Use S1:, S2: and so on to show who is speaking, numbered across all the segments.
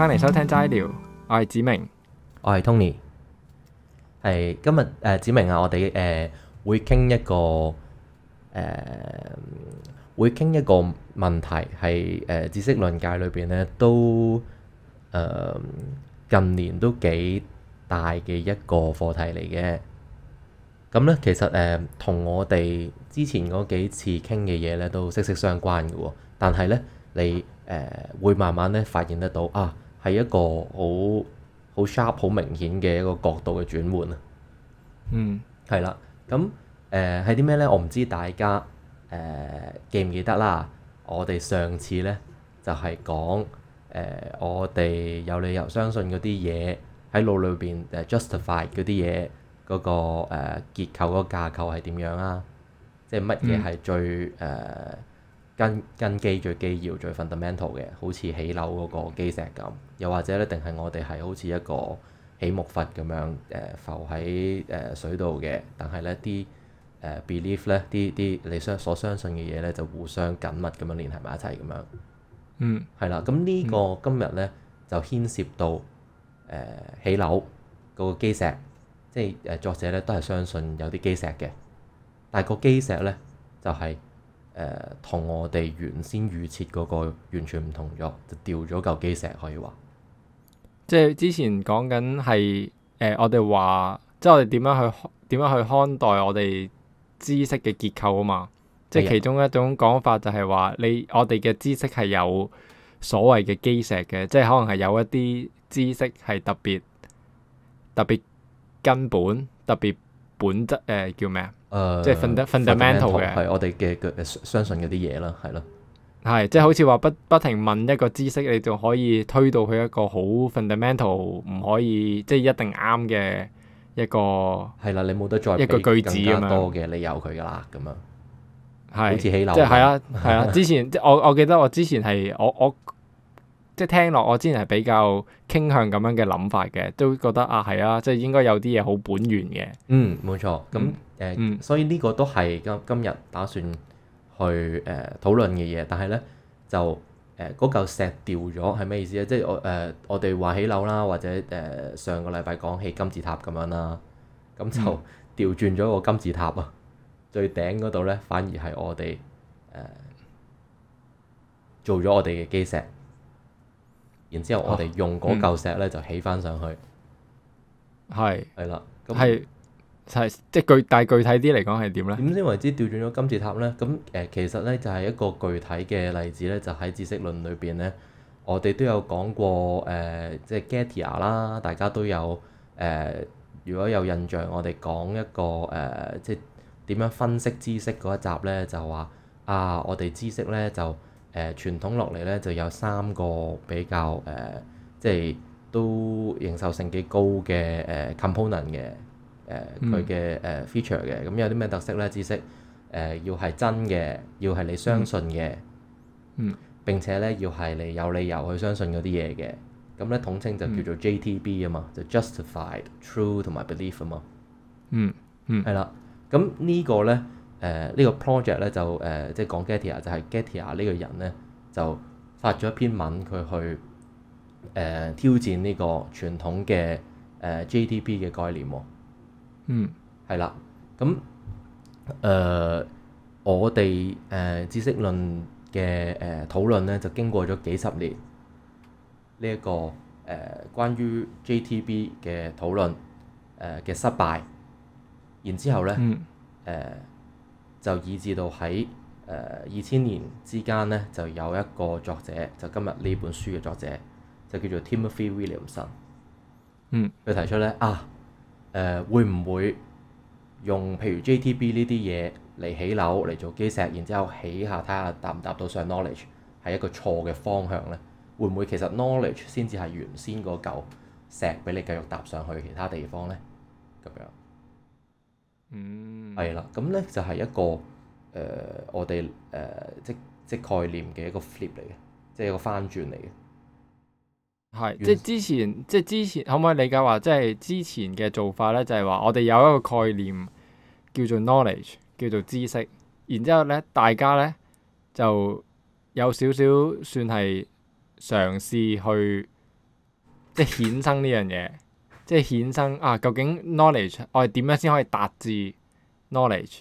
S1: 翻嚟收聽齋聊，我係子明，
S2: 我係 Tony，係今日誒子明啊，我哋誒會傾一個誒會傾一個問題，係誒知識論界裏邊咧都誒近年都幾大嘅一個課題嚟嘅。咁咧，其實誒同我哋之前嗰幾次傾嘅嘢咧都息息相關嘅，但係咧你誒會慢慢咧發現得到啊。係一個好好 sharp、好 sh 明顯嘅一個角度嘅轉換啊。嗯，係啦。咁誒係啲咩咧？我唔知大家誒、呃、記唔記得啦。我哋上次咧就係講誒，我哋有理由相信嗰啲嘢喺腦裏邊誒 justify 嗰啲嘢嗰個誒、呃、結構、嗰個架構係點樣啊？即係乜嘢係最誒？嗯呃根根基最基要最 fundamental 嘅，好似起樓嗰個基石咁。又或者咧，定係我哋係好似一個起木筏咁樣誒、呃、浮喺誒、呃、水度嘅。但係咧，啲誒 belief 咧，啲啲你相所相信嘅嘢咧，就互相緊密咁樣連係埋一齊咁樣。
S3: 嗯，
S2: 係啦。咁呢個今日咧就牽涉到誒、呃、起樓嗰個基石，即係誒作者咧都係相信有啲基石嘅，但係個基石咧就係、是。誒、同、呃、我哋原先預設嗰個完全唔同咗，就掉咗嚿基石可以話、
S1: 呃。即係之前講緊係，誒我哋話，即係我哋點樣去點樣去看待我哋知識嘅結構啊嘛？即係其中一種講法就係話，你我哋嘅知識係有所謂嘅基石嘅，即係可能係有一啲知識係特別特別根本、特別本質，誒、呃、叫咩？Uh, 即係 fundamental 嘅，係我哋嘅嘅相信嗰啲嘢啦，係咯，係即係好似話不不停問一個知識，你就可以推到佢一個好 fundamental，唔可以即係一定啱嘅一個係啦。你冇得再一個句子咁樣多嘅，理由，佢噶啦咁樣，係好似起樓，即係係啊係啊！之前即我我記得我之前係我我即係聽落，我之前係比較傾向咁樣嘅諗法嘅，都覺得啊係啊，即係應該有啲嘢好本源嘅。嗯，冇錯咁。誒，呃嗯、所以呢個
S2: 都係今今日打算去誒、呃、討論嘅嘢。但係咧，就誒嗰嚿石掉咗係咩意思咧？即係我誒、呃、我哋話起樓啦，或者誒、呃、上個禮拜講起金字塔咁樣啦，咁就掉轉咗個金字塔啊！嗯、最頂嗰度咧，反而係我哋誒、呃、做咗我哋嘅基石，然之後我哋用嗰嚿石咧就起翻上去。係係啦，咁係即具但係具體啲嚟講係點咧？點先為之調轉咗金字塔咧？咁誒、呃、其實咧就係、是、一個具體嘅例子咧，就喺、是、知識論裏邊咧，我哋都有講過誒、呃，即係 Gettier 啦，大家都有誒、呃，如果有印象，我哋講一個誒、呃，即係點樣分析知識嗰一集咧，就話啊，我哋知識咧就誒傳、呃、統落嚟咧就有三個比較誒、呃，即係都認受性幾高嘅誒、呃、component 嘅。誒佢嘅誒 feature 嘅，咁、嗯、有啲咩特色咧？知識誒要係真嘅，要係你相信嘅、嗯，嗯，並且咧要係你有理由去相信嗰啲嘢嘅，咁、嗯、咧統稱就叫做 JTB 啊嘛，就 justified true 同埋 belief 啊嘛，嗯嗯，係、嗯、啦，咁、嗯呢個、呢、呃呢個咧誒呢個 project 咧就誒即係講 Gettier 就係 Gettier 呢個人咧就發咗一篇文，佢去誒挑戰呢個傳統嘅誒、呃、JTB 嘅概念喎、哦。嗯，係啦，咁誒、呃、我哋誒、呃、知識論嘅誒、呃、討論咧，就經過咗幾十年呢一、這個誒、呃、關於 JTB 嘅討論誒嘅、呃、失敗，然之後咧誒、嗯呃、就以至到喺誒二千年之間咧，就有一個作者就今日呢本書嘅作者就叫做 Timothy Williamson，佢、嗯、提出咧啊。誒、呃、會唔會用譬如 JTB 呢啲嘢嚟起樓嚟做基石，然之後起下睇下搭唔搭到上 knowledge 係一個錯嘅方向呢？會唔會其實 knowledge 先至係原先嗰嚿石俾你繼續搭上去其他地方呢？咁樣嗯，係啦，咁呢就係、是、一個誒、呃、我哋誒、呃、即即概念嘅一個 flip 嚟嘅，
S1: 即係一個翻轉嚟嘅。係，即係之前，即係之前，可唔可以理解話，即係之前嘅做法咧，就係話我哋有一個概念叫做 knowledge，叫做知識，然之後咧，大家咧就有少少算係嘗試去即係衍生呢樣嘢，即係衍生啊，究竟 knowledge 我哋點樣先可以達至 knowledge？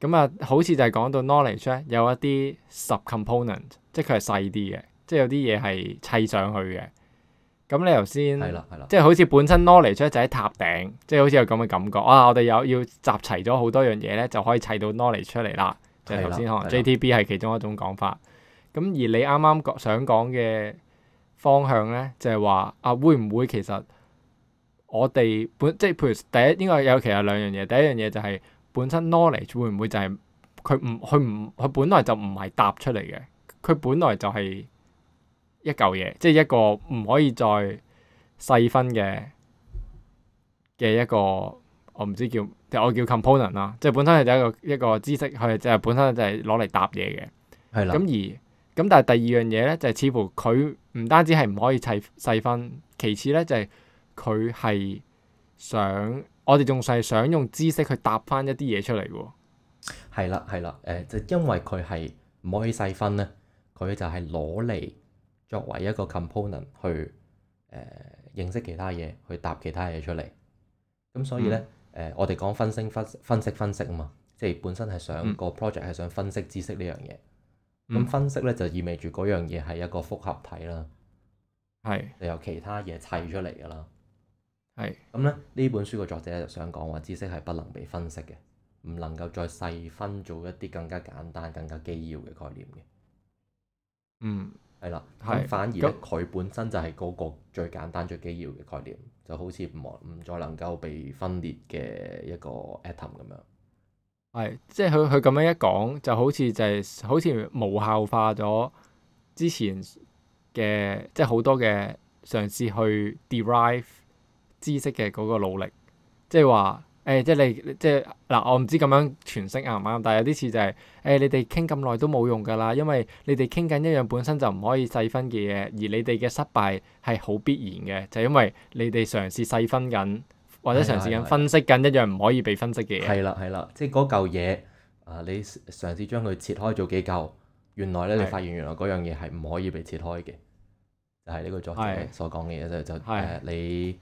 S1: 咁啊，好似就係講到 knowledge 咧，有一啲 subcomponent，即係佢係細啲嘅，即係有啲嘢係砌上去嘅。咁你頭先即係好似本身 knowledge 就喺塔頂，即係好似有咁嘅感覺。哇、啊！我哋有要集齊咗好多樣嘢咧，就可以砌到 knowledge 出嚟啦。即係頭先可能 JTB 係其中一種講法。咁而你啱啱講想講嘅方向咧，就係話啊，會唔會其實我哋本即係譬如第一應該有其實兩樣嘢。第一樣嘢就係本身 knowledge 會唔會就係佢唔佢唔佢本來就唔係搭出嚟嘅，佢本來就係。一嚿嘢，即係一個唔可以再細分嘅嘅一個，我唔知叫，即係我叫 component 啦，即係本身係就一個一個知識，佢就本身就係攞嚟搭嘢嘅。咁係啦 而咁，但係第二樣嘢咧，就係、是、似乎佢唔單止係唔可以砌細分，其次咧就係佢係想，我哋仲係想用知識去搭翻一啲嘢出嚟喎。係啦，係啦，誒、呃，就因為佢係唔可以細分咧，佢就係攞
S2: 嚟。作為一個 component 去誒、呃、認識其他嘢，去搭其他嘢出嚟。咁所以呢，誒、嗯呃，我哋講分析分析分析分析啊嘛，即係本身係想、嗯、個 project 係想分析知識呢樣嘢。咁分析呢，就意味住嗰樣嘢係一個複合體啦，係、嗯、由其他嘢砌出嚟㗎啦，係、嗯。咁呢呢本書嘅作者就想講話知識係不能被分析嘅，唔能夠再細分做一啲更加簡單、更加基要嘅概念嘅。嗯。係啦，咁反而佢本身就係嗰個最簡單、最基要嘅概念，就好似唔唔再能夠被分裂嘅一個 atom 咁樣。
S1: 係，即係佢佢咁樣一講，就好似就係好似無效化咗之前嘅即係好多嘅嘗試去 derive 知識嘅嗰個努力，即係話。誒、哎，即係你，即係嗱，我唔知咁樣詮釋啱唔啱，但係有啲事就係、係、誒、哎，你哋傾咁耐都冇用㗎啦，因為你哋傾緊一樣本身就唔可以細分嘅嘢，而你哋嘅失敗係好必然嘅，就係、因為你哋嘗試細分緊，或者嘗試緊分析緊一樣唔可以被分析嘅嘢。係啦，係啦，即係嗰嚿嘢
S2: 啊，你嘗試將佢切開咗幾嚿，原來咧你發現原來嗰樣嘢係唔可以被切開嘅，就係呢個作者所講嘅嘢就就係、誒的你。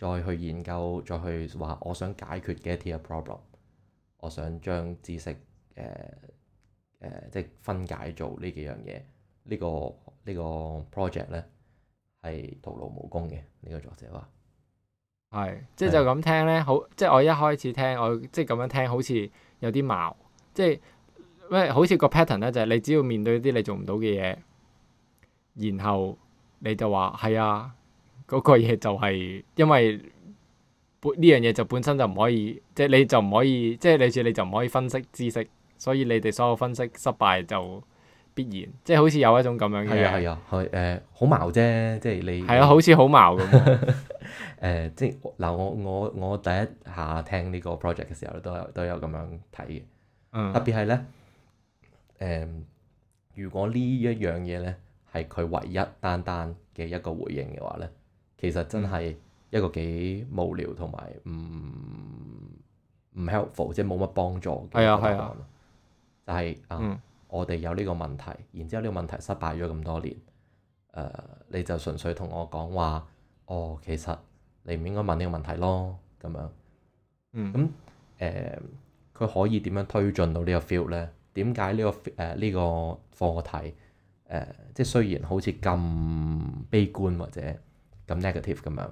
S2: 再去研究，再去話我想解決嘅一啲嘅 problem，我想將知識誒誒、呃呃、即係分解做呢幾樣嘢，這個
S1: 這個、呢個呢個 project 咧係徒勞無功嘅。呢、這個作者話係，即係就咁聽咧，是好即係我一開始聽我即係咁樣聽，好似有啲矛，即係咩？好似個 pattern 咧，就係你只要面對啲你做唔到嘅嘢，然後你就話係啊。嗰個嘢就係因為本呢樣嘢就本身就唔可以，即係你就唔可以，即係你似你就唔可以分析知識，所以你哋所有分析失敗就必然，即係好似有一種咁樣嘅嘢。係
S2: 啊，係誒，好矛啫，即係你。係啊，好似好矛咁。誒，即係嗱，我我我第一下聽呢個 project 嘅時候都有都有咁樣睇嘅。嗯。特別係咧，誒，如果呢一樣嘢咧係佢唯一單單嘅一個回應嘅話咧。其實真係一個幾無聊同埋唔唔 helpful，即係冇乜幫助嘅一個答案。就係啊，啊啊嗯、我哋有呢個問題，然之後呢個問題失敗咗咁多年。誒、呃，你就純粹同我講話哦，其實你唔應該問呢個問題咯。咁樣咁誒，佢、嗯呃、可以點樣推進到呢個 field 咧？點解呢個誒呢、呃呢個課題誒、呃？即係雖然好似咁悲觀或者，咁 negative 咁樣，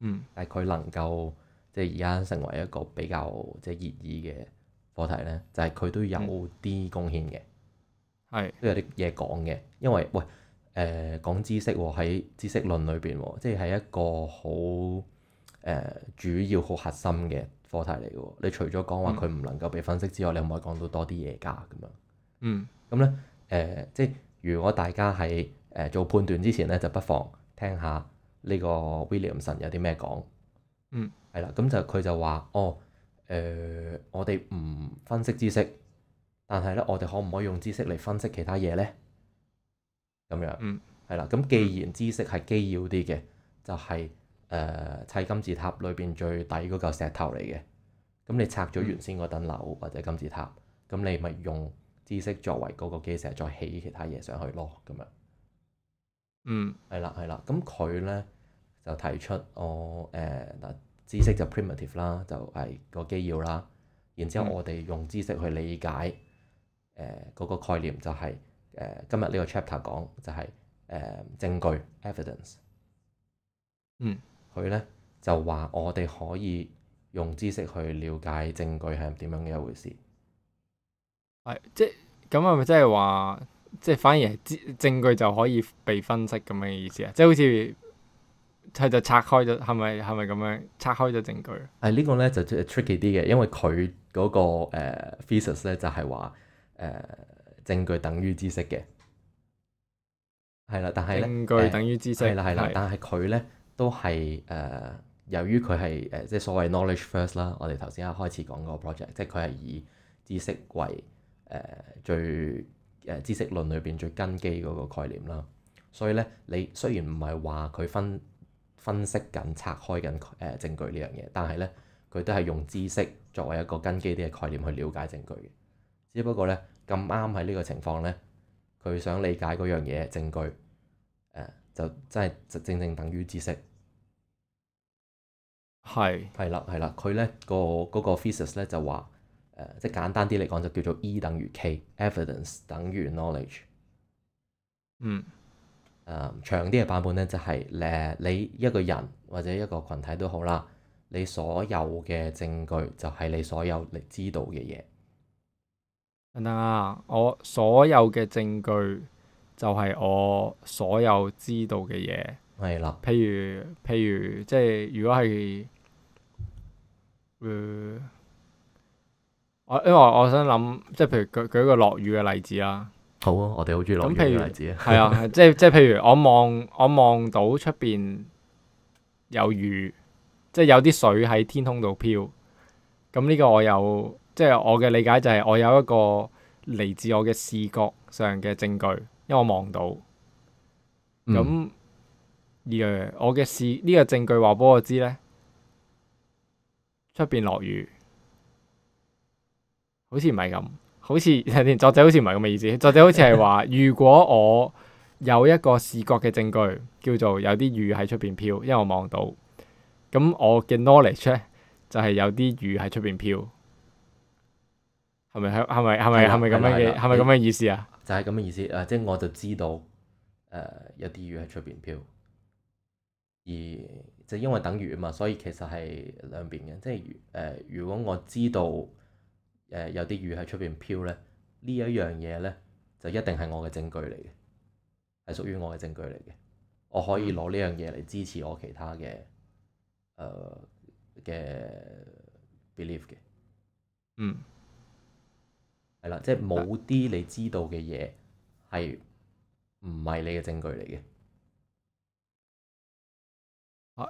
S2: 嗯，但係佢能夠即係而家成為一個比較即係熱議嘅課題咧，就係、是、佢都有啲貢獻嘅，係是是 都有啲嘢講嘅。因為喂誒、呃、講知識喎，喺知識論裏邊，即係係一個好誒、呃、主要好核心嘅課題嚟嘅。你除咗講話佢唔能夠被分析之外，嗯、你可唔可以講到多啲嘢㗎？咁樣，嗯，咁樣呢，咁咧誒，即係如果大家喺誒、呃、做判斷之前咧，就不妨聽下。呢個 Williamson 有啲咩講？嗯，係啦，咁就佢就話，哦，誒、呃，我哋唔分析知識，但係咧，我哋可唔可以用知識嚟分析其他嘢咧？咁樣，嗯，係啦，咁既然知識係基要啲嘅，就係、是、誒、呃、砌金字塔裏邊最底嗰嚿石頭嚟嘅，咁你拆咗原先嗰棟樓或者金字塔，咁、嗯、你咪用知識作為嗰個基石，再起其他嘢上去咯，咁樣。嗯，係啦，係啦，咁佢咧就提出我誒嗱，知識就 primitive 啦，就係個基要啦，然之後我哋用知識去理解誒嗰個概念，就係誒今日呢個 chapter 講就係誒證據 evidence。嗯，佢咧就話我哋可以用知識去了解證據係點樣嘅一回事。
S1: 係，即係咁係咪即係話？即係反而係知證據就可以被分析咁嘅意思啊！即係好似佢就拆開咗，係咪係咪咁樣拆開咗證據？
S2: 係、哎這個、呢個咧就即係 tricky 啲嘅，因為佢嗰、那個誒 thesis 咧就係話誒證據等於知識嘅，係啦，但係證據等於知識係啦係啦，呃、的但係佢咧都係誒、uh, 由於佢係誒即係所謂 knowledge first 啦、嗯，我哋頭先啊開始講嗰個 project，即係佢係以知識為誒、uh, 最。誒知識論裏邊最根基嗰個概念啦，所以咧你雖然唔係話佢分分析緊拆開緊誒、呃、證據呢樣嘢，但係咧佢都係用知識作為一個根基啲嘅概念去了解證據。只不過咧咁啱喺呢個情況咧，佢想理解嗰樣嘢證據誒、呃，就真係正正等於知識係係啦係啦，佢咧是、嗰個嗰、嗰個 thesis 咧就話。即係簡單啲嚟講，就叫做 E 等於 K，Evidence 等於 Knowledge。K，嗯，誒、
S3: um,
S2: 長啲嘅版本咧，就係、是、誒你，你一個人或者一個群體都好啦，你所有嘅證據就係你所有你知道嘅嘢。等
S1: 等啊！我所有嘅證據就係我所有知道嘅嘢。係啦的。譬如譬如，即係如果係誒。呃因為我想諗，即係譬如舉舉一個落雨嘅例子啦。
S2: 好啊，我哋好中意落雨嘅例子。咁譬如，係 啊，即
S1: 係即係譬如我望我望到出邊有雨，即係有啲水喺天空度飄。咁呢個我有，即係我嘅理解就係我有一個嚟自我嘅視覺上嘅證據，因為我望到。咁呢個我嘅視呢、呢個證據話俾我知咧，出邊落雨。好似唔係咁，好似連作者好似唔係咁嘅意思。作者好似係話， 如果我有一個視覺嘅證據，叫做有啲雨喺出邊飄，因為我望到，咁我嘅 knowledge 咧就係、是、有啲雨喺出邊飄，係咪係咪係咪係咪咁樣嘅係咪咁嘅意思啊？就係咁嘅意思，誒，即係我就知道，
S2: 誒、呃，有啲雨喺出邊飄，而就因為等於啊嘛，所以其實係兩邊嘅，即係誒、呃，如果我知道。誒有啲魚喺出邊飄咧，一呢一樣嘢咧就一定係我嘅證據嚟嘅，係屬於我嘅證據嚟嘅。我可以攞呢樣嘢嚟支持我其他嘅誒嘅 belief 嘅。呃、嗯，係啦，即係冇啲你知道嘅嘢係唔係你嘅證據嚟嘅？啊，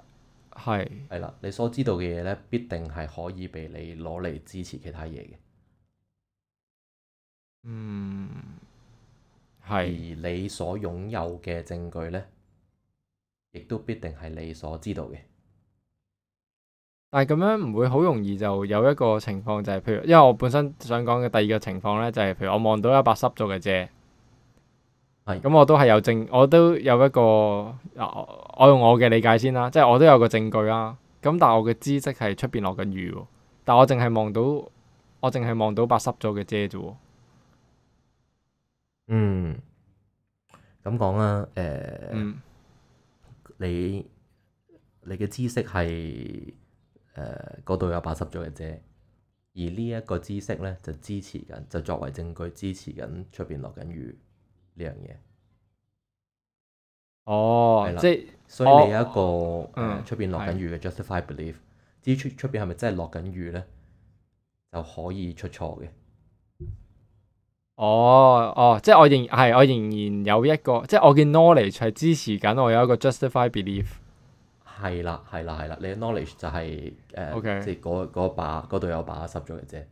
S2: 係係啦，你所知道嘅嘢咧，必定係可以俾你攞嚟支持其他嘢嘅。嗯，係而你所擁有
S1: 嘅證據咧，
S2: 亦都必定係你所知道嘅。
S1: 但係咁樣唔會好容易就有一個情況，就係譬如，因為我本身想講嘅第二個情況咧，就係譬如我望到一把濕咗嘅遮係咁，是我都係有證，我都有一個啊。我用我嘅理解先啦，即係我都有個證據啦。咁但係我嘅知識係出邊落緊雨喎，但我淨係望到我淨係望到把濕咗嘅遮啫。
S2: 嗯，咁講啦。誒、呃嗯，你你嘅知識係誒嗰度有八十咗嘅啫，而呢一個知識咧就支持緊，就作為證據支持緊出邊落緊雨呢樣嘢。這個、哦，係啦了，即係所以你有一個誒出邊落緊雨嘅 justify belief，嗯、至於出邊係咪真係落緊雨咧，就可以出錯嘅。
S1: 哦哦，oh, oh, 即係我仍係我仍然有一個，即係我嘅 knowledge 係支持緊我有一個 justified belief。係啦係啦係啦，你嘅 knowledge 就係、是、誒，uh, Okay. 即係嗰嗰把嗰度有把濕咗嘅啫。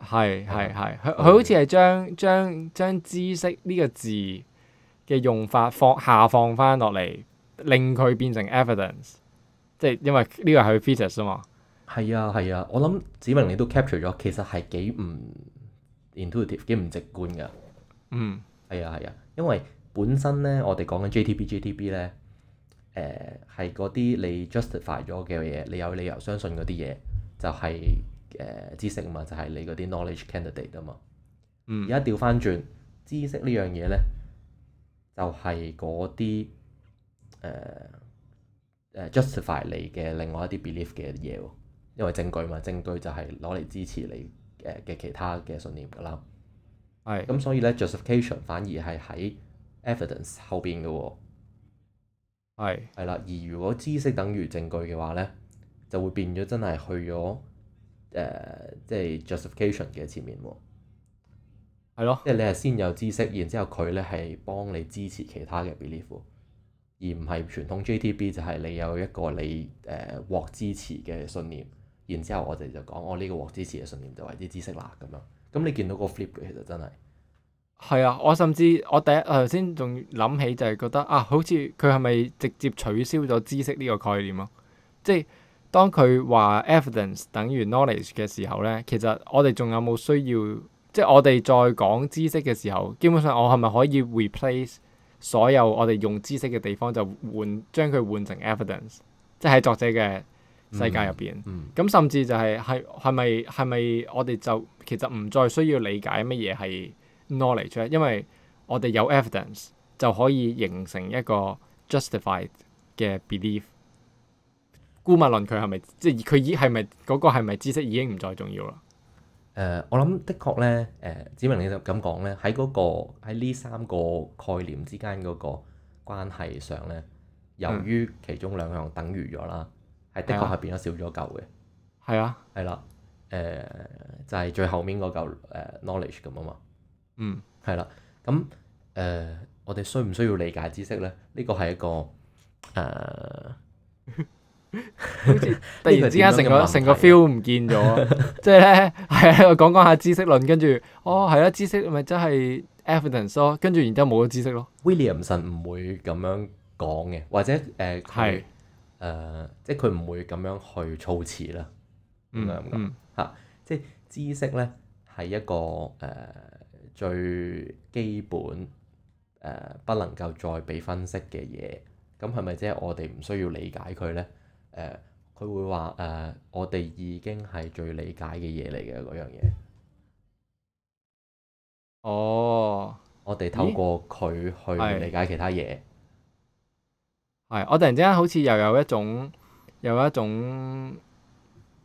S1: 係係係，佢佢好似係將將將知識呢個字嘅用法放下放翻落嚟，令佢變成 evidence。即係因為呢個係佢 physics 啊嘛。係啊係啊，我諗梓明你
S2: 都 capture 咗，其實係幾唔～Intuitive 幾唔直觀㗎？嗯、mm.，係啊係啊，因為本身咧，我哋講緊 JTB JTB 咧，誒係嗰啲你 justify 咗嘅嘢，你有理由相信嗰啲嘢，就係、是、誒、呃、知識啊嘛，就係、是、你嗰啲 knowledge candidate 啊嘛。而家調翻轉知識呢樣嘢咧，就係嗰啲誒誒 justify 你嘅另外一啲 belief 嘅嘢喎，因為證據嘛，證據就係攞嚟支持你。嘅其他嘅信念㗎啦，係的，咁所以呢 justification 反而係喺 evidence 後邊嘅喎，係的，係啦，而如果知識等於證據嘅話呢，就會變咗真係去咗誒即係 justification 嘅前面喎、啊，係咯的，即係你係先有知識，然之後佢呢係幫你支持其他嘅 belief，而唔係傳統 JTB 就係你有一個你誒獲、uh, 支持嘅信念。然之後，我哋就講我呢個獲支持嘅信念就
S1: 為之知識啦，咁樣。咁你見到個 flip 其實真係係啊！我甚至我第一頭先仲諗起就係覺得啊，好似佢係咪直接取消咗知識呢個概念啊？即係當佢話 evidence 等於 knowledge 嘅時候咧，其實我哋仲有冇需要？即係我哋再講知識嘅時候，基本上我係咪可以 replace 所有我哋用知識嘅地方就換將佢換成 evidence？即係作者嘅。世界入邊，咁、嗯嗯、甚至就係係係咪係咪我哋就其實唔再需要理解乜嘢係 knowledge，因為我哋有 evidence 就可以形成一個 justified 嘅 belief 是是。顧問論佢係咪，即係佢已係咪嗰個係咪知識已經唔再重要啦？誒、呃，
S2: 我諗的確咧，
S1: 誒、呃，梓明你就咁講咧，喺嗰、那個喺呢三個
S2: 概念之間嗰個關係上咧，由於其中兩樣等於咗啦。嗯係的確係變咗少咗嚿嘅，
S1: 係啊的，
S2: 係啦的，誒、呃，就係、是、最後面嗰嚿誒 knowledge 咁啊嘛，嗯，係啦，咁誒、呃，我哋需唔需要理解知識咧？呢個係一個誒，呃、 好似
S1: 突然之間成個成個 feel 唔見咗，即係咧，係啊，講講下知識論，跟住哦，係啦，知識咪真係 evidence 咯，跟住然之後冇咗知識咯。Williamson 唔會咁樣講嘅，或者誒係。呃誒、呃，
S2: 即係佢唔會咁樣去措辭啦，咁、嗯、樣嚇，嗯、即係知，知識咧係一個誒、呃、最基本誒、呃、不能夠再被分析嘅嘢，咁係咪即係我哋唔需要理解佢咧？誒、呃，佢會話誒、呃，我哋已經係最理解嘅嘢嚟嘅嗰樣
S1: 嘢。哦，我哋透過佢去理解其他嘢。哦係，我突然之間好似又有一種，又有一種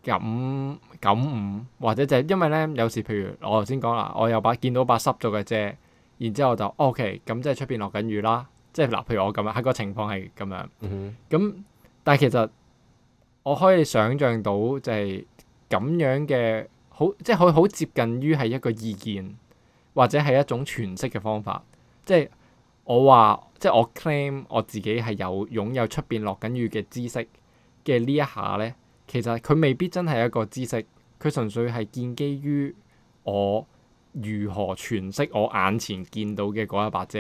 S1: 感感悟，或者就係因為咧，有時譬如我頭先講啦，我又把見到把濕咗嘅遮，然之後就 OK，咁即係出邊落緊雨啦，即係嗱，譬如我咁樣，喺個情況係咁樣，咁、嗯、哼但係其實我可以想象到就係咁樣嘅，好即係佢好接近於係一個意見，或者係一種詮釋嘅方法，即係。我話即係我 claim 我自己係有擁有出邊落緊雨嘅知識嘅呢一下咧，其實佢未必真係一個知識，佢純粹係建基於我如何詮釋我眼前見到嘅嗰一把遮，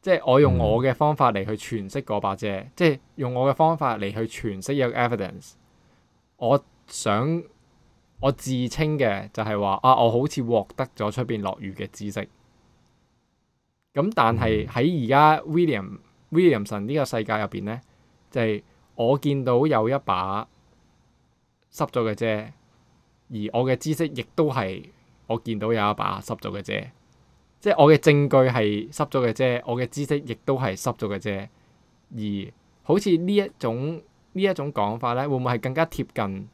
S1: 即係我用我嘅方法嚟去詮釋嗰把遮，即係用我嘅方法嚟去詮釋一個 evidence。我想我自稱嘅就係話啊，我好似獲得咗出邊落雨嘅知識。咁但係喺而家 William Williamson 呢個世界入邊咧，就係、是、我見到有一把濕咗嘅啫，而我嘅知識亦都係我見到有一把濕咗嘅啫，即、就、係、是、我嘅證據係濕咗嘅啫，我嘅知識亦都係濕咗嘅啫，而好似呢一種呢一種講法咧，會唔會係更加貼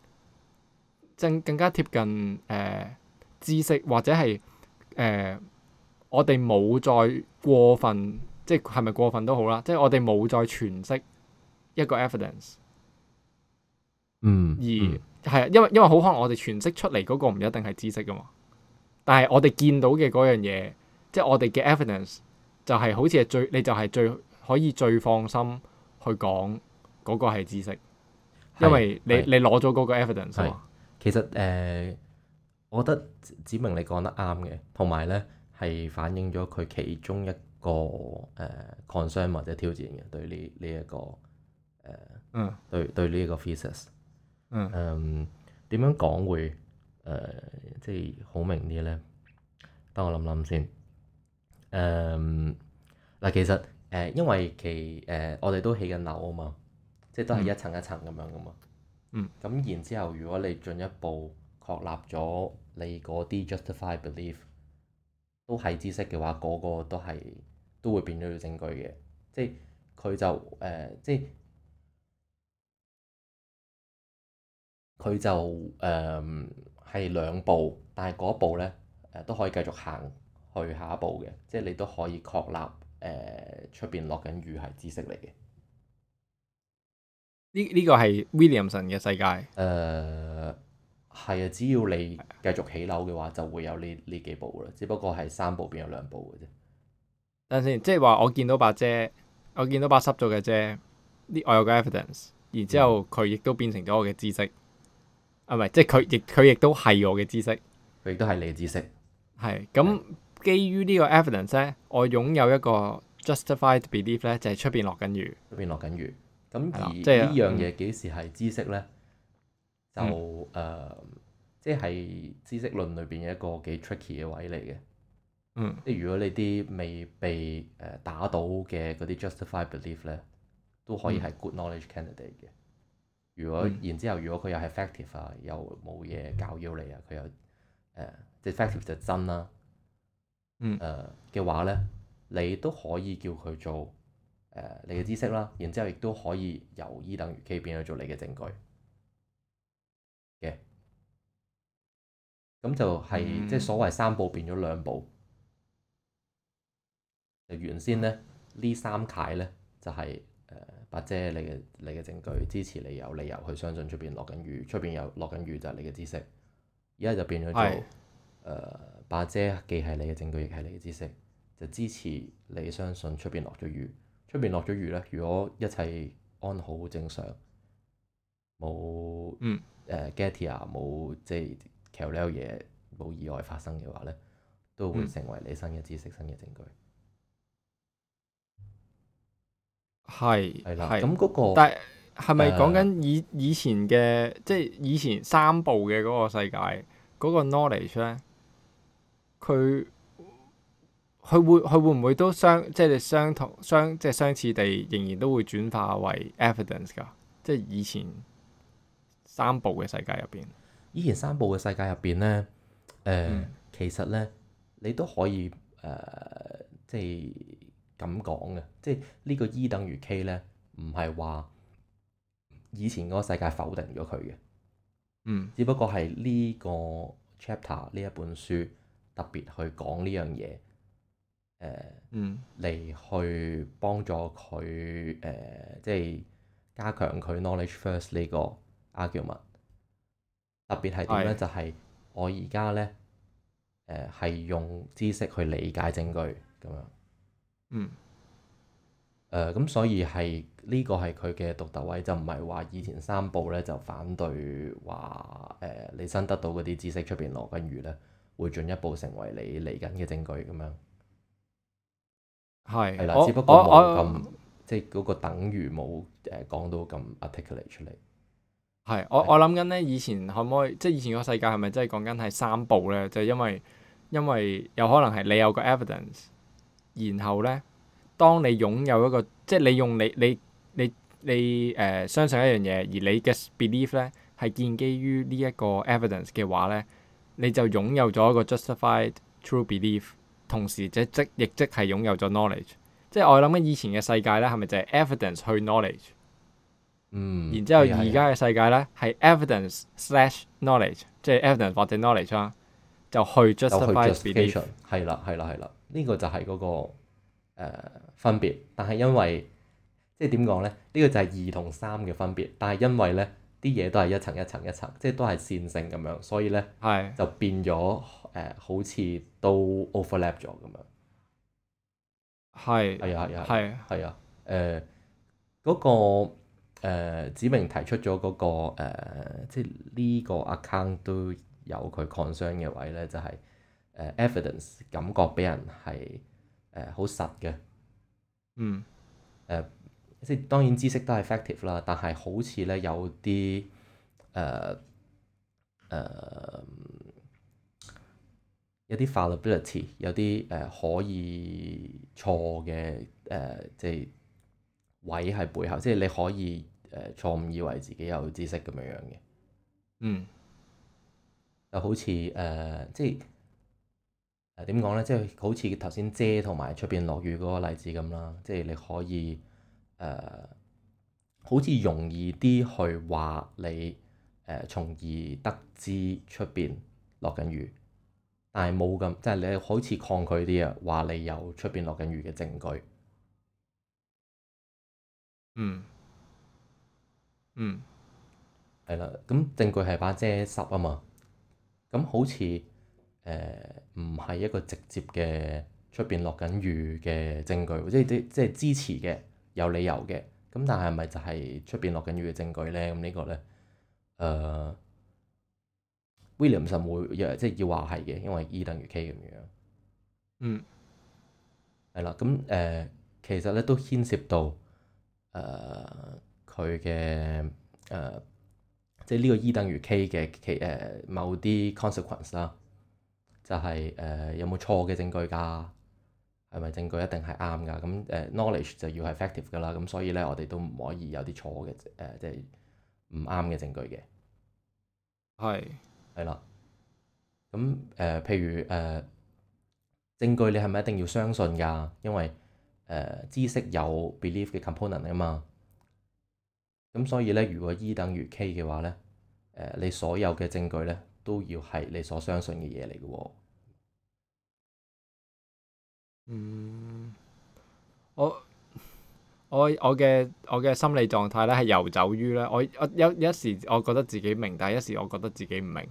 S1: 近，更加貼近誒、呃、知識或者係誒？呃我哋冇再過分，即係係咪過分都好啦。即係我哋冇再詮釋一個 evidence，
S3: 嗯，而
S1: 係、嗯、因為因為好可能我哋詮釋出嚟嗰個唔一定係知識噶嘛。但係我哋見到嘅嗰樣嘢，即係我哋嘅 evidence 就係好似係最，你就係最可以最放心去講嗰個係知識，因為你是你攞咗嗰個 evidence
S2: 是嗎。其實誒、呃，我覺得梓明你講得啱嘅，同埋咧。係反映咗佢其中一個、呃、concern 或者挑戰嘅，對呢呢一個誒，對、呢個呃 uh, 對呢一個 thesis, uh, 嗯，點樣講會誒、呃、即係好明啲咧？等我諗諗先。誒、嗯、嗱、啊，其實誒、呃、因為其誒、呃、我哋都起緊樓啊嘛，即係都係一層一層咁樣噶嘛。嗯。咁然之後，如果你進一步確立咗你嗰啲 justify belief。都係知識嘅話，嗰個，個都係都會變咗證據嘅，即係佢就誒、呃，即係佢就誒係兩步，但係嗰一步咧誒、呃、都可以繼續行去下一步嘅，即係你都可以確立誒出面落緊雨係知識嚟
S1: 嘅。呢呢個係 Williamson 嘅世界。誒、呃。係啊，只要你繼續起樓嘅話，就會有呢呢幾步噶啦。只不過係三步變咗兩步嘅啫。等先，即係話我見到把遮，我見到把濕咗嘅遮，呢我有個 evidence。然之後佢亦都變成咗我嘅知識，係咪？嗯？即係佢亦佢亦都係我嘅知識，佢亦都係你嘅知識。係咁，基於呢個 evidence 咧，我擁有一個 justified belief 咧，就係出邊落緊雨。出邊落緊雨。咁而呢樣嘢
S2: 幾時係知識咧？嗯就誒、mm. 呃，即係知識論裏邊一個幾 tricky 嘅位嚟嘅。Mm. 即係如果你啲未被誒打倒嘅嗰啲 justified belief 咧，都可以係 good knowledge candidate 嘅。如果、mm. 然之後，如果佢又係 factive 啊，又冇嘢教要你啊，佢又誒 factive 就真啦。嗯、mm. 呃。誒嘅話咧，你都可以叫佢做誒、uh, 你嘅知識啦。然之後亦都可以由 E 等於 K 變去做你嘅證據。咁就係、是嗯、即係所謂三步變咗兩步，原先咧呢三階咧就係、是、誒、呃、把遮你嘅你嘅證據支持你有理由去相信出邊落緊雨，出邊有落緊雨就係你嘅知識，而家就變咗做誒是、呃、把遮既係你嘅證據，亦係你嘅知識，就支持你相信出邊落咗雨。出邊落咗雨咧，如果一切安好正常，冇誒 Gettier 啊，冇、嗯呃、即係。其實呢樣嘢冇意外發生嘅話咧，都會成為你新嘅知識、新嘅證據。
S1: 係係啦，咁嗰個但係係咪講緊以以前嘅即係以前三部嘅嗰個世界嗰、嗰個 knowledge 咧？佢佢會佢會唔會都相即係你相同相即係相似地仍然都會轉化為 evidence 㗎？即係以前三部嘅世界入邊。以前三部嘅世界入邊呢，
S2: 誒、呃嗯、其實呢，你都可以誒即係咁講嘅，即係呢個 E 等於 K 呢，唔係話以前嗰個世界否定咗佢嘅，嗯、只不過係呢個 chapter 呢一本書特別去講呢樣嘢，誒、呃，嚟、嗯、去幫助佢誒、呃、即係加強佢 knowledge first 呢個 argument。特別係點咧？是就係我而家咧，誒、呃，係用知識去理解證據咁樣。嗯。誒、呃，咁所以係呢、這個係佢嘅獨特位，就唔係話以前三步咧就反對話，誒、呃，你新得到嘅啲知識出面落緊雨咧，會進一步成為你嚟緊嘅證據咁樣。
S1: 係係是啦，只不過冇咁、哦，哦哦、即
S2: 係嗰個等於冇誒講到咁
S1: articulate 出嚟。係我我諗緊咧，以前可唔可以即係以前個世界係咪真係講緊係三步咧？就係，因為因為有可能係你有個 evidence，然後咧，當你擁有一個即係你用你你你你誒、呃、相信一樣嘢，而你嘅 belief 咧係建基於呢一個 evidence 嘅話咧，你就擁有咗一個 justified true belief，同時即即亦即係擁有咗 knowledge。即係我諗緊以前嘅世界咧，係咪就係 evidence 去 knowledge？嗯，然之後而家嘅世界咧，係 evidence slash knowledge，即係 evidence 或者 knowledge 啦，就去 justify belief。
S2: 係啦，係啦，係啦，呢個就係嗰個誒分別。但係因為即係點講咧？呢個就係二同三嘅分別。但係因為咧，啲嘢都係一層一層一層，即係都係線性咁樣，所以咧就變咗誒，好似都 overlap 咗咁樣。
S1: 係係
S2: 啊係啊係係啊誒嗰個。誒、呃、梓明提出咗嗰、那個誒、呃，即係呢個 account 都有佢 concern 嘅位咧，就係、是、誒、呃、evidence 感覺俾人係誒好實嘅。嗯。誒、呃，即係當然知識都係 factive 啦，但係好似咧有啲誒誒，有啲 fallibility、呃呃、有啲誒、呃、可以錯嘅誒，即係位喺背後，即係你可以。誒錯誤以為自己有知識咁樣樣嘅，嗯，就好似誒即係點講咧，即係好似頭先遮同埋出邊落雨嗰個例子咁啦，即係你可以誒、呃、好似容易啲去話你誒，從而得知出邊落緊雨，但係冇咁即係你好似抗拒啲啊，話你有出邊落緊雨嘅證據，嗯。嗯，係啦、mm.，咁證據係把遮濕啊嘛，咁好似誒唔係一個直接嘅出邊落緊雨嘅證據，即係即係支持嘅有理由嘅，咁但係咪就係出邊落緊雨嘅證據咧？咁呢個咧，誒、呃、Williamson 會 will, 即係要話係嘅，因為 E 等於 K 咁樣。嗯、
S3: mm.，
S2: 係啦，咁、呃、誒其實咧都牽涉到誒。呃佢嘅誒，即係呢個 E 等於 K 嘅其誒、呃、某啲 consequence 啦，就係、是、誒、呃、有冇錯嘅證據㗎、啊？係咪證據一定係啱㗎？咁誒、呃、knowledge 就要係 factive 㗎啦。咁所以咧，我哋都唔可以有啲錯嘅誒，即係唔啱嘅證據嘅。
S1: 係。係啦。咁、
S2: 嗯、誒、呃，譬如誒、呃，證據你係咪一定要相信㗎？因為誒、呃、知識有 belief 嘅 component 啊嘛。咁所以咧，如果 E 等於 K 嘅話咧，誒、呃，你所有嘅證據咧都要係你所相
S1: 信嘅嘢嚟嘅喎。嗯，我我我嘅我嘅心理狀態咧係遊走於咧，我我有一時我覺得自己明，但係一時我覺得自己唔明。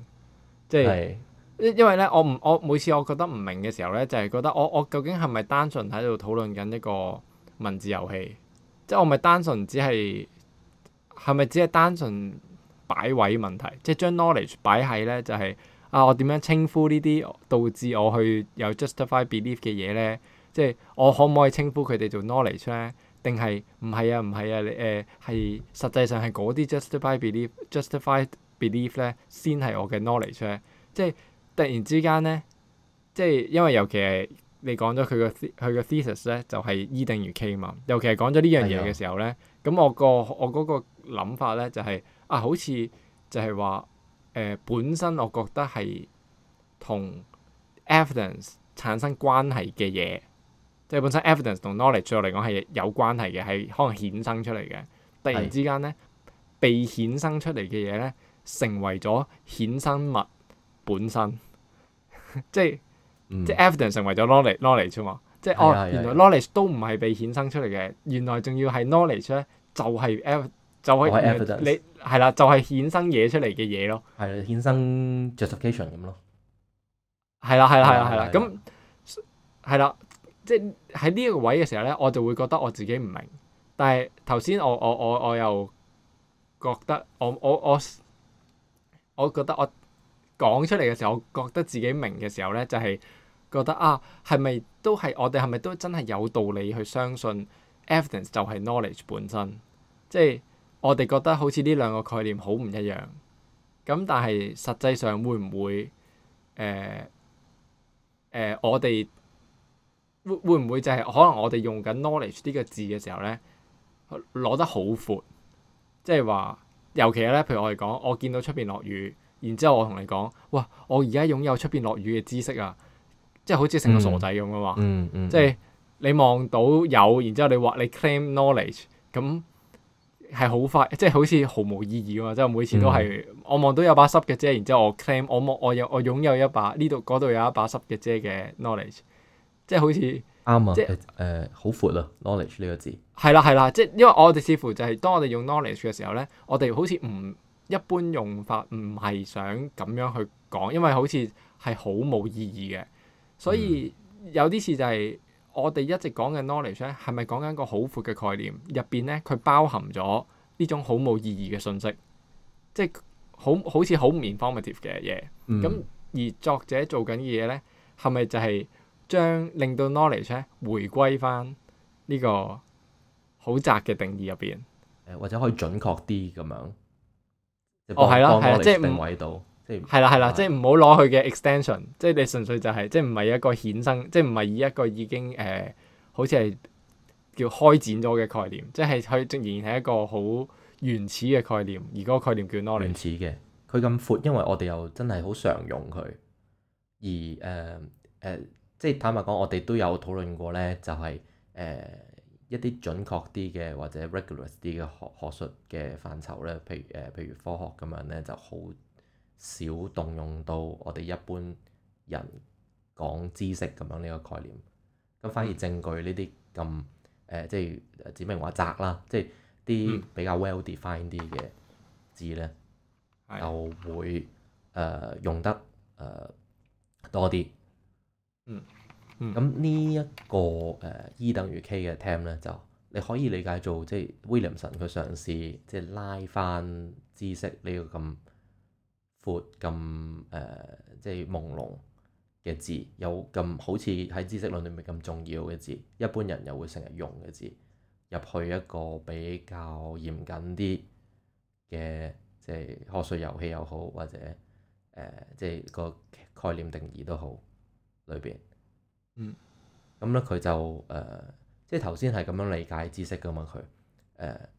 S1: 即係因是因為咧，我唔我每次我覺得唔明嘅時候咧，就係、是、覺得我我究竟係咪單純喺度討論緊一個文字遊戲？即係我咪單純只係。係咪只係單純擺位問題？即係將 knowledge 擺喺咧，就係、是、啊，我點樣稱呼呢啲導致我去有 justified belief 嘅嘢咧？即、就、係、是、我可唔可以稱呼佢哋做 knowledge 咧？定係唔係啊？唔係啊？你，誒，係、呃、實際上係嗰啲 justified belief、justified belief 咧，先係我嘅 knowledge 咧？即、就、係、是、突然之間咧，即、就、係、是、因為尤其係你講咗佢個佢個 thesis 咧，就係、是、E 等於 K 嘛。尤其係講咗呢樣嘢嘅時候咧。哎咁我，我個我嗰個諗法咧就係、是、啊，好似就係話誒本身我覺得係同 evidence 產生關係嘅嘢，即、就、係、是、本身 evidence 同 knowledge 對我嚟講係有關係嘅，係可能衍生出嚟嘅。突然之間咧，是被衍生出嚟嘅嘢咧，成為咗衍生物本身， 即係、嗯、即係 evidence 成為咗 knowledge，knowledge 啫嘛。即係哦，原來 knowledge 都唔係被衍生出嚟嘅，原來仲要係 knowledge 咧，就係 ev- 就係你係啦，就係衍生嘢出嚟嘅嘢咯。係衍生 justification 咁咯。係啦，係啦，係啦，係啦。咁係啦，即係喺呢一個位嘅時候咧，我就會覺得我自己唔明。但係頭先我我我我又覺得我我我我覺得我講出嚟嘅時候，我覺得自己明嘅時候咧，就係。覺得啊，係咪都係我哋係咪都真係有道理去相信 evidence 就係 knowledge 本身？即係我哋覺得好似呢兩個概念好唔一樣。咁但係實際上會唔會誒誒、呃呃，我哋會會唔會就係、是、可能我哋用緊 knowledge 呢個字嘅時候咧，攞得好闊，即係話尤其係咧，譬如我哋講，我見到出邊落雨，然之後我同你講，哇！我而家擁有出邊落雨嘅知識啊！即係好似成個傻仔咁啊嘛！嗯嗯、即係你望到有，然之後你話你 claim knowledge 咁係好快，即係好似毫無意義啊嘛！即係每次都係我望到有把濕嘅遮，然之後我 claim 我我有我擁有一把呢度嗰度有一把濕嘅遮嘅 knowledge，即係好似啱、嗯、即啊！即
S2: 係誒好闊啊，knowledge 呢個字
S1: 係啦係啦，即係因為我哋似乎就係當我哋用 knowledge 嘅時候咧，我哋好似唔一般用法，唔係想咁樣去講，因為好似係好冇意義嘅。所以、嗯、有啲事就係、是、我哋一直講嘅 knowledge 咧，係咪講緊個好闊嘅概念？入邊咧，佢包含咗呢種好冇意義嘅信息，即係好好似好唔 informative 嘅嘢。咁、嗯、而作者做緊嘅嘢咧，係咪就係將令到 knowledge 咧回歸翻呢個好窄嘅定義入邊？誒，或者可以準確啲咁樣，即係幫幫落嚟哦，係啦，係啦，定位到。係啦，係啦，即係唔好攞佢嘅 extension，即係你純粹就係、是、即係唔係一個衍生，即係唔係以一個已經誒、呃、好似係叫開展咗嘅概念，即係佢仍然係一個好原始嘅概念，而嗰個概念叫 knowledge。原始嘅佢咁闊，因為我哋又真係好常用佢，
S2: 而誒誒、呃呃，即係坦白講，我哋都有討論過咧，就係、是、誒、呃、一啲準確啲嘅或者 regular 啲嘅學學術嘅範疇咧，譬如誒、呃、譬如科學咁樣咧就好。少動用到我哋一般人講知識咁樣呢個概念，咁反而證據呢啲咁誒，即係指明話窄啦，即係啲比較 well defined 啲嘅字咧，嗯、就會誒、嗯呃、用得誒、呃、多啲、嗯。嗯，咁呢一個誒、呃、E 等於 K 嘅 term 咧，就你可以理解做即係 Williamson 佢嘗試即係拉翻知識呢、這個咁。闊咁誒，即係朦朧嘅字，有咁好似喺知識論裏面咁重要嘅字，一般人又會成日用嘅字，入去一個比較嚴謹啲嘅，即係學術遊戲又好，或者誒、呃，即係個概念定義都好裏邊，
S3: 裡面嗯，
S2: 咁咧佢就誒、呃，即係頭先係咁樣理解知識㗎嘛，佢誒、呃、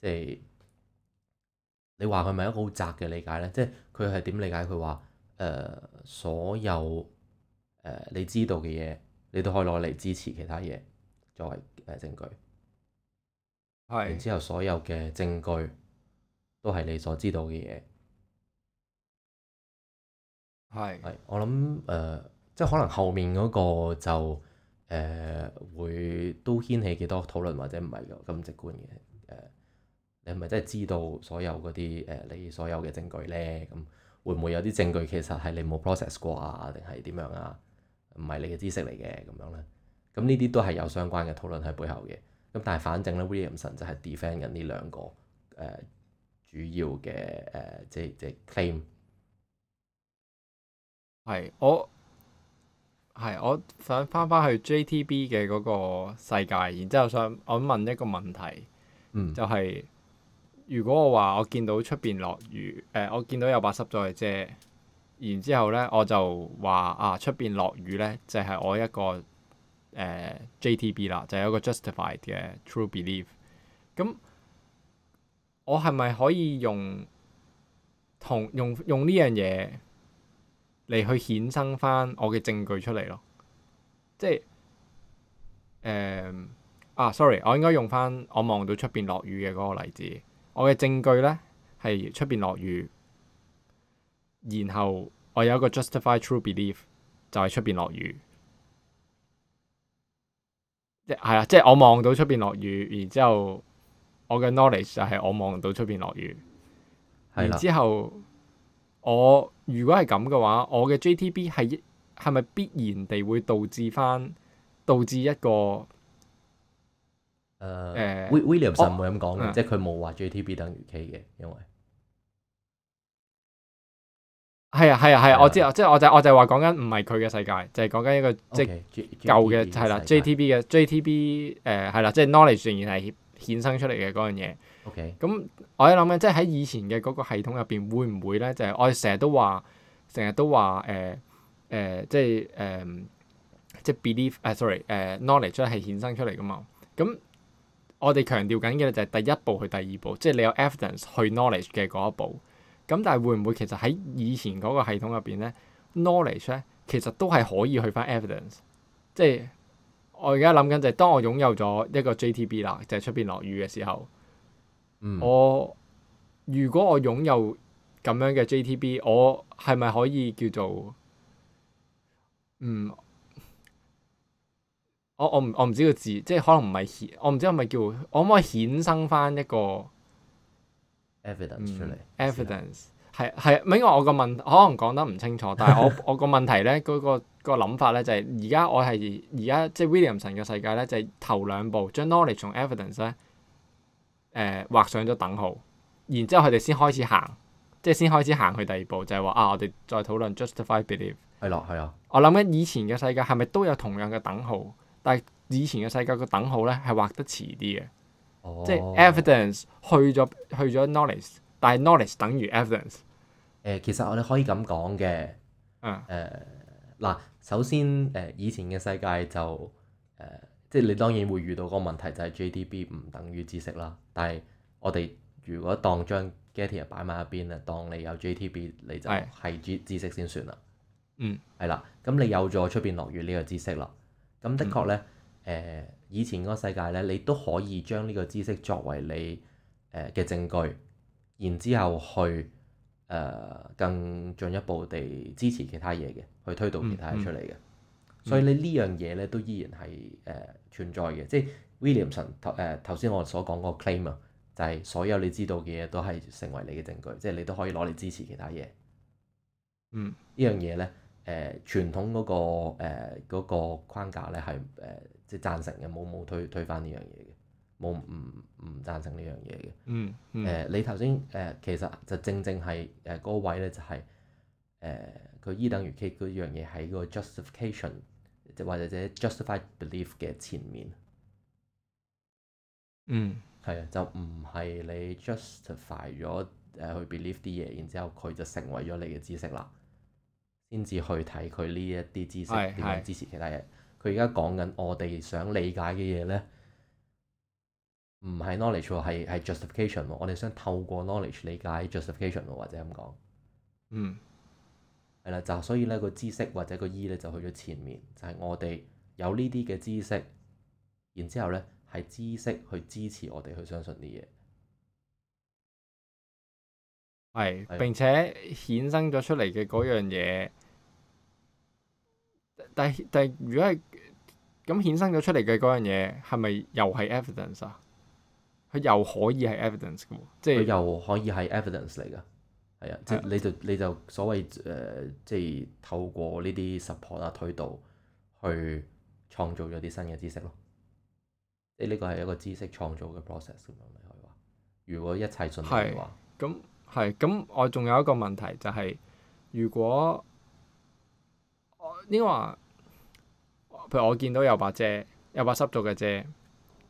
S2: 即係。你話佢係咪一個好窄嘅理解呢？即係佢係點理解？佢話誒，所有誒、呃、你知道嘅嘢，你都可以攞嚟支持其他嘢作為誒證據。係是。然之後所有嘅證據都係你所知道嘅嘢。係是。係我諗誒、呃，即係可能後面嗰個就誒、呃、會都掀起幾多討論或者唔係咁直觀嘅誒。呃係咪真係知道所有嗰啲誒，你所有嘅證據咧，咁會唔會有啲證據其實係你冇 process 過啊，定係點樣啊？唔係你嘅知識嚟嘅咁樣咧。咁呢啲都係有相關嘅討論喺背後嘅。咁但係反正咧，Williamson 就係 defend 緊呢兩個誒、呃、
S1: 主要嘅誒、呃，即係即係 claim。係我係我想翻翻去 JTB 嘅嗰個世界，然之後想我問一個問題，嗯、就係、是。如果我話我見到出邊落雨，誒、呃、我見到有把濕咗嘅遮，然之後咧我就話啊出邊落雨咧就係、是、我一個誒、呃、JTB 啦，就有、是、一個 justified 嘅 true belief。咁、嗯、我係咪可以用同用用呢樣嘢嚟去衍生返我嘅證據出嚟咯？即係誒、呃、啊，sorry，我應該用返我望到出邊落雨嘅嗰個例子。我嘅證據呢係出邊落雨，然後我有一個 justified true belief 就係出邊落雨，即係啊，即係我望到出邊落雨，然之後我嘅 knowledge 就係我望到出邊落雨，的然之後我如果係咁嘅話，我嘅 JTB 係係咪必然地會導致翻導致一個？
S2: 誒，Williamson 冇咁講嘅，即係佢冇話
S1: JTB 等於 K 嘅，因為係啊，係啊，係啊，我知啊，即係我就我就話講緊唔係佢嘅世界，就係講緊一個即係舊嘅係啦，JTB 嘅 JTB 誒係啦，即係 knowledge 仍然係衍生出嚟嘅嗰樣嘢。OK，咁我喺諗咧，即係喺以前嘅嗰個系統入邊，會唔會咧？就係我哋成日都話，成日都話誒誒，即係誒，即係 belief 誒，sorry 誒，knowledge 咧係衍生出嚟噶嘛？咁我哋強調緊嘅就係第一步去第二步，即係你有 evidence 去 knowledge 嘅嗰一步。咁但係會唔會其實喺以前嗰個系統入邊咧，knowledge 咧其實都係可以去翻 evidence。即係我而家諗緊就係，當我擁有咗一個 JTB 啦，就係出邊落雨嘅時候，
S3: 嗯、
S1: 我如果我擁有咁樣嘅 JTB 我係咪可以叫做嗯？我我唔我唔知個字，即係可能唔係顯，我唔知係咪叫我可唔可以衍生返一個 evidence、嗯、出嚟？evidence 係係，唔係因為我個問可能講得唔清楚，但係我 我個問題咧，嗰、個、個諗法咧就係而家我係而家即係、就係、Williamson 嘅世界咧，就係、係、頭兩步將 knowledge 同 evidence 咧誒畫、呃、上咗等號，然之後佢哋、就係、先開始行，即係先開始行去第二步，就係、係、話啊，我哋再討論 justified belief 係咯係啊，我諗緊以前嘅世界係咪都有同樣嘅等號？但係以前嘅世界個等號咧係畫得遲啲嘅，oh, 即係 evidence 去咗去咗 knowledge，但係 knowledge 等於 evidence。誒、呃，其實我哋可以咁講嘅，誒、呃、
S2: 嗱，首先誒、呃、以前嘅世界就誒、呃，即係你當然會遇到個問題就係 JTB 唔等於知識啦。但係我哋如果當將 Gettier 擺埋一邊啊，當你有 JTB 你就係知知識先算啦。嗯，係啦，咁你有咗出邊落雨呢個知識啦。咁的確咧，誒、呃、以前個世界咧，你都可以將呢個知識作為你誒嘅證據，然之後去誒、呃、更進一步地支持其他嘢嘅，去推導其他嘢出嚟嘅。嗯嗯、所以咧，呢樣嘢咧都依然係誒、呃、存在嘅，即係 Williamson 誒頭先我所講個 claim 啊，就係所有你知道嘅嘢都係成為你嘅證據，即係你都可以攞嚟支持其他嘢。嗯，
S3: 樣
S2: 呢樣嘢咧。誒、呃、傳統嗰、那個誒、呃那個、框架咧係誒即係贊成嘅，冇冇推推翻呢樣嘢嘅，冇唔唔贊成呢樣嘢嘅。嗯。誒、呃、你頭先誒其實就正正係誒嗰個位咧，就係誒佢 E 等於 K，一樣嘢喺個 justification 就或者 justified belief 嘅前面。
S3: 嗯。
S2: 係啊，就唔係你 justify 咗誒、呃、去 believe 啲嘢，然之後佢就成為咗你嘅知識啦。先至去睇佢呢一啲知識點樣支持其他嘢。佢而家講緊我哋想理解嘅嘢咧，唔係 knowledge 喎，係 justification 喎。我哋想透過 knowledge 理解 justification 喎，或者咁講。嗯，係 啦，就所以咧個知識或者個 E 咧就去咗前面，就係、是、我哋有呢啲嘅知識，然之後咧係知識去支持我哋去相信啲嘢。
S1: 係，並且衍生咗出嚟嘅嗰樣嘢，但但如果係咁衍生咗出嚟嘅嗰樣嘢，係咪又係 evidence 啊？佢又可以係 evidence 嘅喎，即係佢又可以
S2: 係 evidence 嚟㗎，係啊，即係的的你就你就所謂誒、呃，即係透過呢啲 support 啊推導去創造咗啲新嘅知識咯，即係呢個係一個知識創造嘅 process，咁你可以話，如果一切順利嘅話，
S1: 咁。嗯係，咁我仲有一個問題就係、是，如果呢應話，譬如我見到有把遮，有把濕咗嘅遮，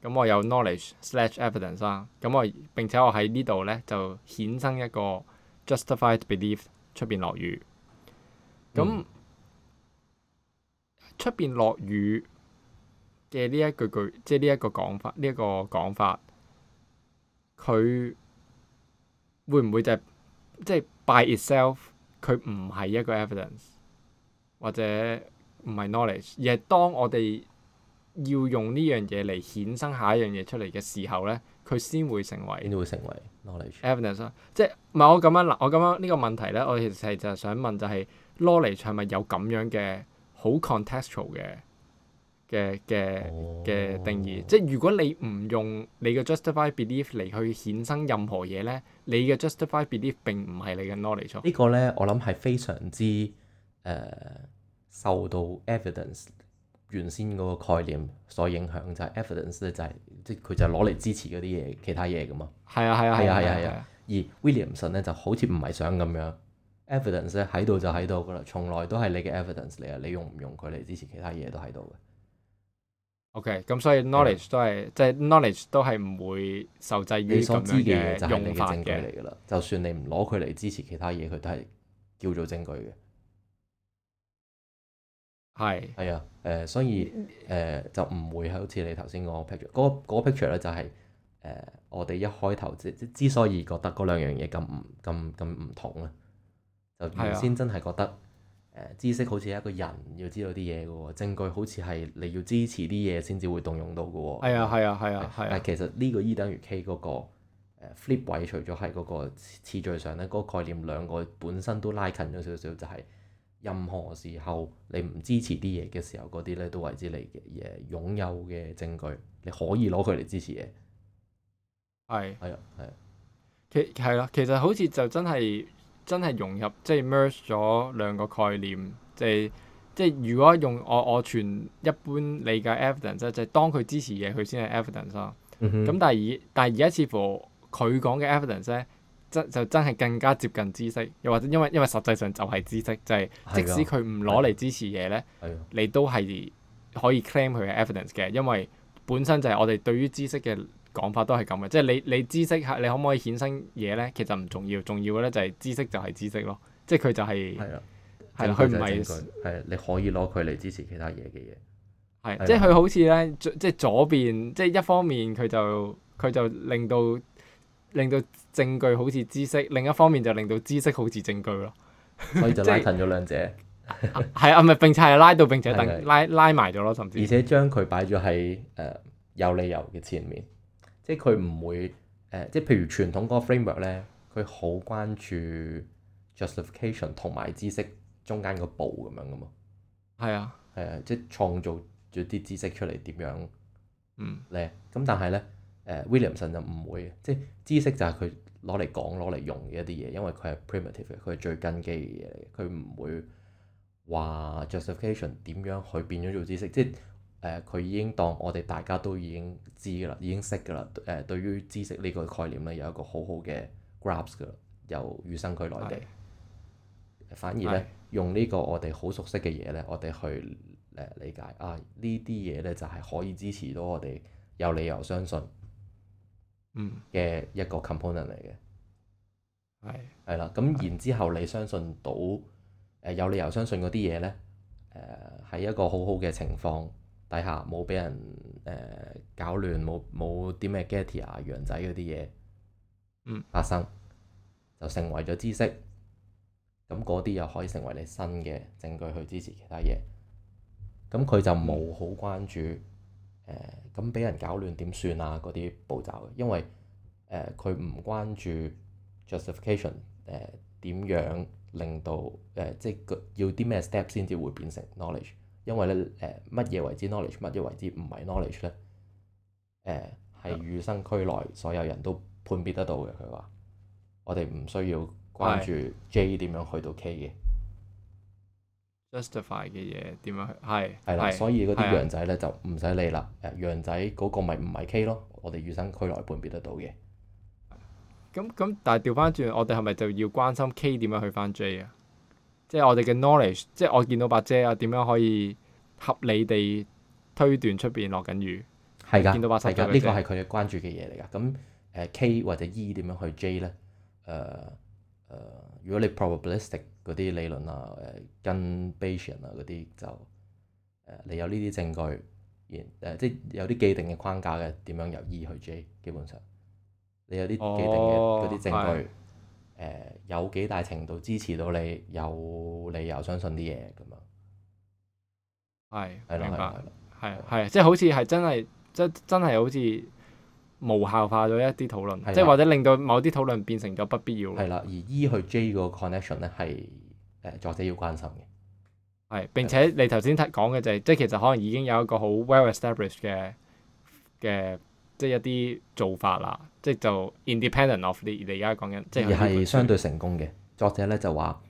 S1: 咁我有 knowledge slash evidence 啦，咁我並且我喺呢度咧就衍生一個 justified belief 出邊落雨，咁出邊落雨嘅呢一句句，即係呢一個講法，呢、這、一個講法，佢。會唔會就係即係 by itself，佢唔係一個 evidence 或者唔係 knowledge，而係當我哋要用呢樣嘢嚟衍生下一樣嘢出嚟嘅時候咧，佢先會成為 evidence 即係唔係我咁樣嗱，我咁樣呢個問題咧，我其實就係想問就係、係、knowledge 係咪有咁樣嘅好 contextual 嘅？嘅嘅嘅定義，oh, 即係如果你唔用你嘅 justify belief 嚟去衍生任何嘢咧，你嘅 justify belief 並唔係你嘅 knowledge。個呢個
S2: 咧，我諗係非常之誒、呃、受到 evidence 原先嗰個概念所影響，就係、是、evidence 咧就係、是、即係佢就攞嚟支持嗰啲嘢，其他嘢噶嘛。係啊係啊係啊係啊！而 Williamson 咧就好似唔係想咁樣，evidence 咧喺度就喺度噶啦，從來都係你嘅
S1: evidence 嚟啊！你用唔用佢嚟支持其他嘢、啊就是、都喺度嘅。OK，咁所以 knowledge 的都係即係 knowledge 都係唔會受制於你所知嘅嘢，就係你嘅證據嚟噶啦。
S2: 就算你唔攞佢嚟支持其他嘢，佢都係叫做證據嘅。係係啊，誒、呃，所以誒、呃、就唔會好似你頭先嗰個 picture，嗰、嗰個、嗰個 picture 咧就係、是、誒、呃、我哋一開頭即即之所以覺得嗰兩樣嘢咁唔咁咁唔同咧，就原先真係覺得。知識好似一個人要知道啲嘢嘅喎，證據好似係你要支持啲嘢先至會動用到嘅喎。係啊，係啊，係啊，係、啊。啊、但其實呢個 E 等於 K 嗰個 flip 位，啊嗯、除咗係嗰個次序上咧，嗰、嗰個概念兩個本身都拉近咗少少，就係、是、任何時候你唔支持啲嘢嘅時候呢，嗰啲咧都為之你嘅嘢擁有嘅證據，你可以攞佢嚟支持嘢。
S1: 係。係啊。係、啊。啊、其係啦、啊，其實好似就真係。真係融入，即係 merge 咗兩個概念，即係即係如果用我我全一般理解 evidence 咧，就係當佢支持嘢，佢先係 evidence 咯、嗯哼。咁但係而但係而家似乎佢講嘅 evidence 咧，就真係更加接近知識，又或者因為因為實際上就係知識，就係即使佢唔攞嚟支持嘢咧，的你都係可以 claim 佢嘅 evidence 嘅，因為本身就係我哋對於知識嘅。講法都係咁嘅，即係你你知識係你可唔可以衍生嘢咧？其實唔重要，重要嘅咧就係知識就係知識咯。即係佢就係係啦，佢唔係
S2: 係你可以攞佢嚟支持其他嘢嘅嘢係，即係佢
S1: 好似咧即係左邊，即係一方面佢就佢就令到令到證據好似知識，另一方面就令到知識好似證據咯，所以就拉近咗兩者係、 就係、啊，唔係並且係拉到並且等的拉拉埋咗咯，甚
S2: 至而且將佢擺咗喺誒有理由嘅前面。 即係佢唔會誒、呃，即係譬如傳統嗰個 framework 咧，佢好關注 justification 同埋知識中間嗰步咁樣噶嘛。係啊，係啊，即係創造咗啲知識出嚟點樣？嗯，咧咁、嗯、但係咧，誒、呃、Williamson 就唔會嘅，即係知識就係佢攞嚟講、攞嚟用嘅一啲嘢，因為佢係 primitive 嘅，佢係最根基嘅嘢嚟嘅，佢唔會話 justification 點樣去變咗做知識，即係。誒，佢、呃、已經當我哋大家都已經知㗎啦，已經識㗎啦。誒、呃，對於知識呢個概念咧，有一個好好嘅 grasp 㗎啦。由與生俱來嘅。的反而咧的用呢個我哋好熟悉嘅嘢咧，我哋去誒理解啊，呢啲嘢咧就係、是、可以支持到我哋有理由相信，嘅一個 component 嚟嘅，係係啦。咁的的然之後，你相信到誒、呃、有理由相信嗰啲嘢咧，誒、呃、係一個好好嘅情況。底下冇俾人誒、呃、搞亂，冇冇啲咩 Gettier 啊、羊仔嗰啲嘢發生，嗯、就成為咗知識。咁嗰啲又可以成為你新嘅證據去支持其他嘢。咁佢就冇好關注誒，咁俾、嗯呃、人搞亂點算啊？嗰啲步驟，因為誒佢唔關注 justification 誒、呃、點樣令到誒、呃、即係要啲咩 step 先至會變成 knowledge。因為咧，誒、呃，乜嘢為之 knowledge，乜嘢為之唔係 knowledge 咧、呃？誒，係與生俱來所有人都判別得到嘅。佢話：我哋唔需要關注 J 點樣是去到 K 嘅
S1: justify 嘅嘢點樣去係係啦。所以嗰啲羊仔
S2: 咧的就唔使理啦。誒，羊仔嗰個咪唔係 K 咯，我哋與生俱來判別得到嘅。
S1: 咁咁，但係調翻轉，我哋係咪就要關心 K 點樣去翻 J 啊？即係我哋嘅 knowledge，即係我見到把遮啊，點樣可以合理地推斷出邊落緊雨？
S2: 係㗎的，係㗎，呢、這個係佢
S1: 嘅關注嘅嘢嚟㗎。咁誒、呃、K 或者 E 點樣去 J 咧？誒、呃、誒、
S2: 呃，如果你 probabilistic 嗰啲理論啊、誒跟 Bayesian 啊嗰啲就誒、呃，你有呢啲證據，然、呃、誒即係有啲既定嘅框架嘅，點樣由 E 去 J？基本上你有啲既定嘅嗰啲證據誒。哦有幾大程度支持到你有理由相信啲嘢咁樣。
S1: 係係咯，係咯，係係係即係好似係真係，即真係好似無效化咗一啲討論，即係或者令到某啲討論變成咗不必要。係啦，而 E 去 J 個 connection 咧係誒作者要關心嘅。係並且你頭先講嘅就係即係其實可能已經有一個好 well established 嘅嘅即係一啲做法啦。即就 independent of 啲，你而家講緊，即係
S2: 相對成功嘅作者咧就話，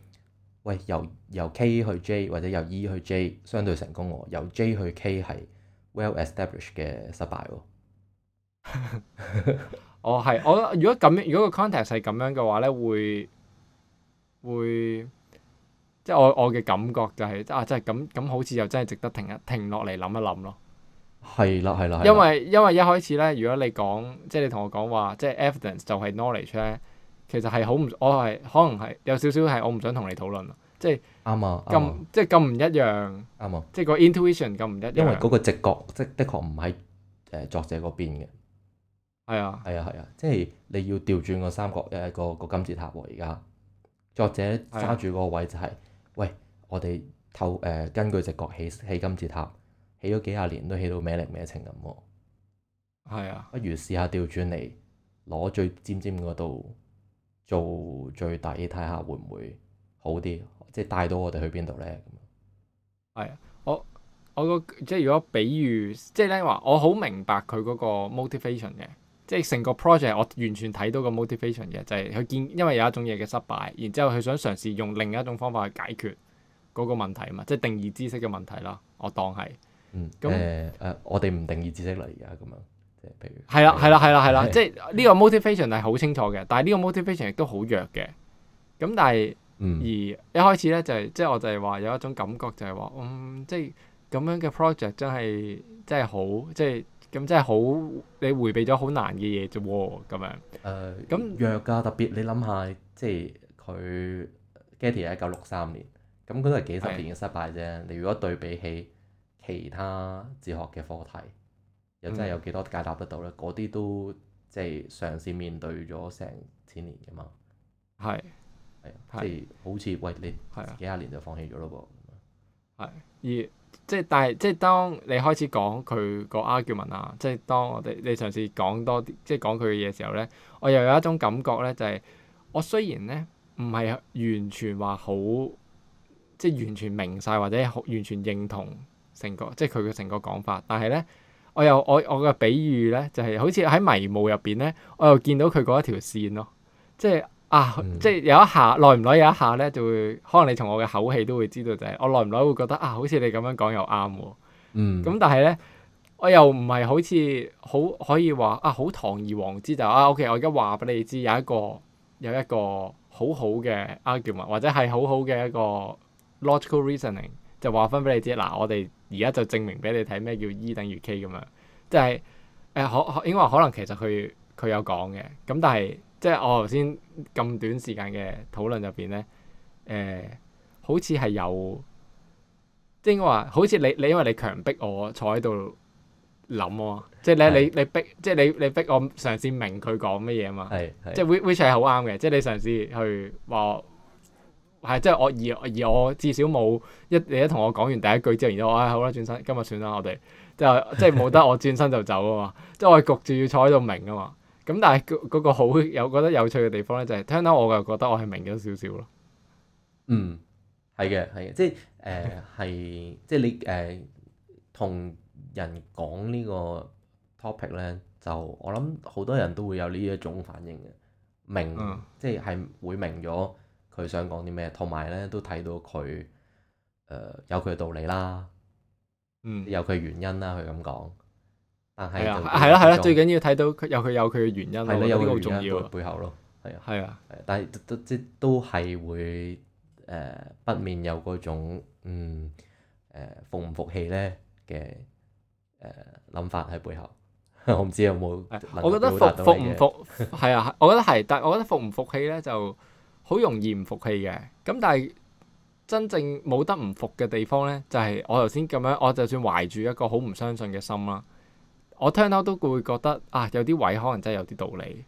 S2: 喂，由由 K 去 J 或者由 E 去 J 相對成功喎，由 J 去 K 係 well established 嘅失敗喎。
S1: 哦，係，我如果咁，如果咁樣，如果個 context 係咁樣嘅話咧，會會即係、就是、我我嘅感覺就係、是、啊，真係咁咁，好似又真係值得停，停想一停落嚟諗一諗咯。
S2: 係啦，係啦。因為
S1: 因為一開始咧，如果你講即係你同我講話，即係 evidence 就係 knowledge 咧，其實係好唔，我係可能係有少少係我唔想同你討論即係
S2: 啱啊。咁
S1: 即係咁唔一樣。啱啊。即係個 intuition 咁唔一樣。因為嗰個
S2: 直覺即的確唔喺誒作者嗰邊嘅。係啊。係啊係啊，即係你要調轉個三角誒個個金字塔喎。而家作者揸住個位就係，喂，我哋透誒根據直覺起起金字塔。起咗幾廿年都起到咩零咩情咁喎，
S1: 係是啊，
S2: 不如試下調轉嚟攞最尖尖嗰度做最底，睇下會唔會好啲？即係帶到我哋去邊度咧？係、啊、
S1: 我我個即係如果比喻即係咧話，我好明白佢嗰個 motivation 嘅，即係成個 project 我完全睇到個 motivation 嘅就係、是、佢見因為有一種嘢嘅失敗，然之後佢想嘗試用另一種方法去解決嗰個問題啊嘛，即係定義知識嘅問題啦。我當係。嗯，咁誒
S2: 誒，我哋唔定義知識嚟㗎，咁樣，即係
S1: 譬如係啦，係啦，係啦、啊，係啦、啊，即係呢個 motivation 係好清楚嘅，但係呢個 motivation 亦都好弱嘅。咁但係，嗯、而一開始咧就係即係我就係話有一種感覺就係話，嗯，即係咁樣嘅 project 真係真係好，即係咁真係好你回避咗好難嘅嘢啫喎，咁樣誒，咁、呃、那弱㗎，特別你諗下，
S2: 即係佢 Gettier 係一九六三年，咁佢都係幾十年嘅失敗啫、啊。你如果對比起，其他哲學嘅課題又真係有幾多解答得到咧？嗰啲、嗯、都即係嘗試面對咗成千年㗎嘛。
S1: 係係即係好似喂，你幾廿年就放棄咗咯噃。係而即係，但係即係當你開始講佢個 argument 啊，即係當我哋你嘗試講多啲，即係講佢嘅嘢時候咧，我又有一種感覺咧，就係、是、我雖然咧唔係完全話好即係完全明晒，或者好完全認同。成個即係佢嘅成個講法，但係咧，我又我我嘅比喻咧，就係、是、好似喺迷霧入邊咧，我又見到佢嗰一條線咯、哦，即係啊，嗯、即係有一下耐唔耐有一下咧，就會可能你從我嘅口氣都會知道就係、是、我耐唔耐會覺得啊，好似你咁樣講又啱喎，嗯，咁、嗯、但係咧，我又唔係好似好可以話啊，好堂而皇之就啊，OK，我而家話俾你知有一個有一個，有一個好好嘅 argument 或者係好好嘅一個 logical reasoning 就話分俾你知嗱、啊啊，我哋。而家就證明俾你睇咩叫 E 等於 K 咁樣，即係誒可應該話可能其實佢佢有講嘅。咁但係即係我頭先咁短時間嘅討論入邊咧，誒、呃、好似係有，即係應該話好似你你因為你強迫我坐喺度諗喎，即係咧你你，的你逼即係你你逼我嘗試明佢講乜嘢啊嘛，的即係 which 係好啱嘅，即係你嘗試去話。係，即係我而而我至少冇一你一同我講完第一句之後，然之後我唉、哎、好啦，轉身今日算啦，我哋即係即係冇得我轉身就走啊嘛， 即係我焗住要坐喺度明啊嘛。咁但係、那、嗰個好、那個、有覺得有趣嘅地方咧、就是，就係聽到我就覺得我係明咗少少咯。嗯，係嘅，係嘅，即
S2: 係誒，係、呃、即係你誒、呃、同人講呢個 topic 咧，就我諗好多人都會有呢一種反應嘅明，即係會明咗。嗯佢想講啲咩，同埋咧都睇到佢，誒、呃、有佢嘅道理啦、嗯嗯，嗯，有佢嘅原因啦，佢咁講。係啊，係啦，係啦，最
S1: 緊要睇到佢有佢有佢嘅原因咯，有啲咁重要背後
S2: 咯，係啊，係啊，但係都即都係會誒不免有嗰種嗯誒服唔服氣咧嘅誒諗法喺背後。 我唔知有冇， 我覺得服服唔服
S1: 係啊，我覺得係，但係我覺得服唔服氣咧就。好容易唔服氣嘅，咁但係真正冇得唔服嘅地方咧，就係我頭先咁樣，我就算懷住一個好唔相信嘅心啦，我聽到都會覺得啊，有啲位可能真係有啲道理，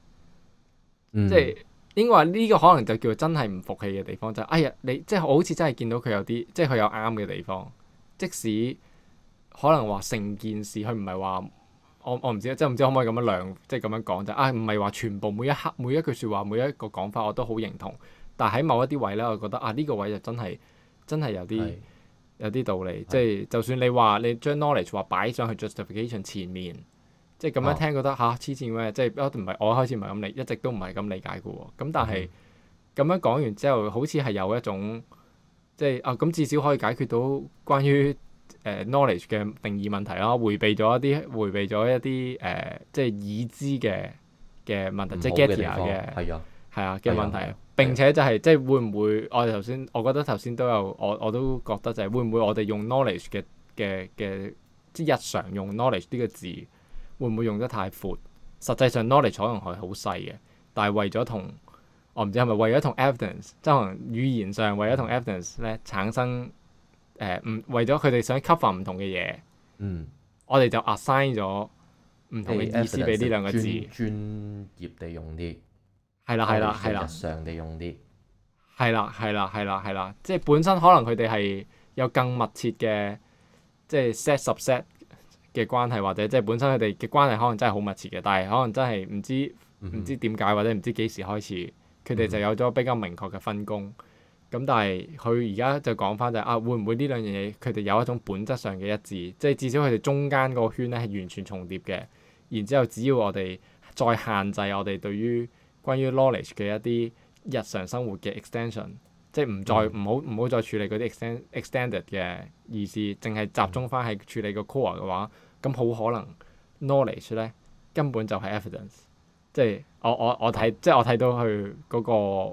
S3: 嗯、即係
S1: 應該話呢個可能就叫做真係唔服氣嘅地方就係，哎呀你即係好似真係見到佢有啲，即係佢有啱嘅地方，即使可能話成件事佢唔係話。我我唔知即係唔知可唔可以咁樣量，即係咁樣講就啊，唔係話全部每一刻每一句説話每一個講法我都好認同，但係喺某一啲位咧，我覺得啊呢個位就真係真係有啲是有啲道理，是即係就算你話你將 knowledge 話擺上去 justification 前面，即係咁樣聽覺得吓黐線咩？即係不唔係我一開始唔係咁理，一直都唔係咁理解嘅喎。咁但係咁是樣講完之後，好似係有一種即係啊咁，至少可以解決到關於。誒、uh, knowledge 嘅定義問題咯，迴避咗一啲，迴避咗一啲誒、呃，即係已知嘅嘅問題，即係 Gettier 嘅，係啊的，嘅問題。並且就係、是、即係會唔會，我哋頭先，我覺得頭先都有，我我都覺得就係會唔會我哋用 knowledge 嘅嘅嘅，即係日常用 knowledge 呢個字，會唔會用得太闊？實際上 knowledge 可能係好細嘅，但係為咗同我唔知係咪為咗同 evidence，即係可能語言上為咗同 evidence 咧產生。誒，唔為咗佢哋想 cover 唔同嘅嘢，嗯、我哋就 assign 咗唔同嘅意思俾呢幕兩個字，
S2: 專業地用啲，
S1: 係啦係啦係啦，日常地用啲，係啦係啦係啦係啦，啦，即係本身可能佢哋係有更密切嘅，即係 set subset 嘅關係，或者即係本身佢哋嘅關係可能真係好密切嘅，但係可能真係唔知唔知點解、嗯、哼或者唔知幾時開始，佢哋就有咗比較明確嘅分工。嗯哼嗯咁但係佢而家就講翻就係啊，會唔會呢兩樣嘢佢哋有一種本質上嘅一致？即係至少佢哋中間嗰個圈咧係完全重疊嘅。然之後只要我哋再限制我哋對於關於 knowledge 嘅一啲日常生活嘅 extension，即係唔再唔好唔好再處理嗰啲 extended 嘅意思，淨係集中翻係處理個 core 嘅話，咁好可能 knowledge 咧根本就係 evidence。即係我我我睇即係我睇到佢嗰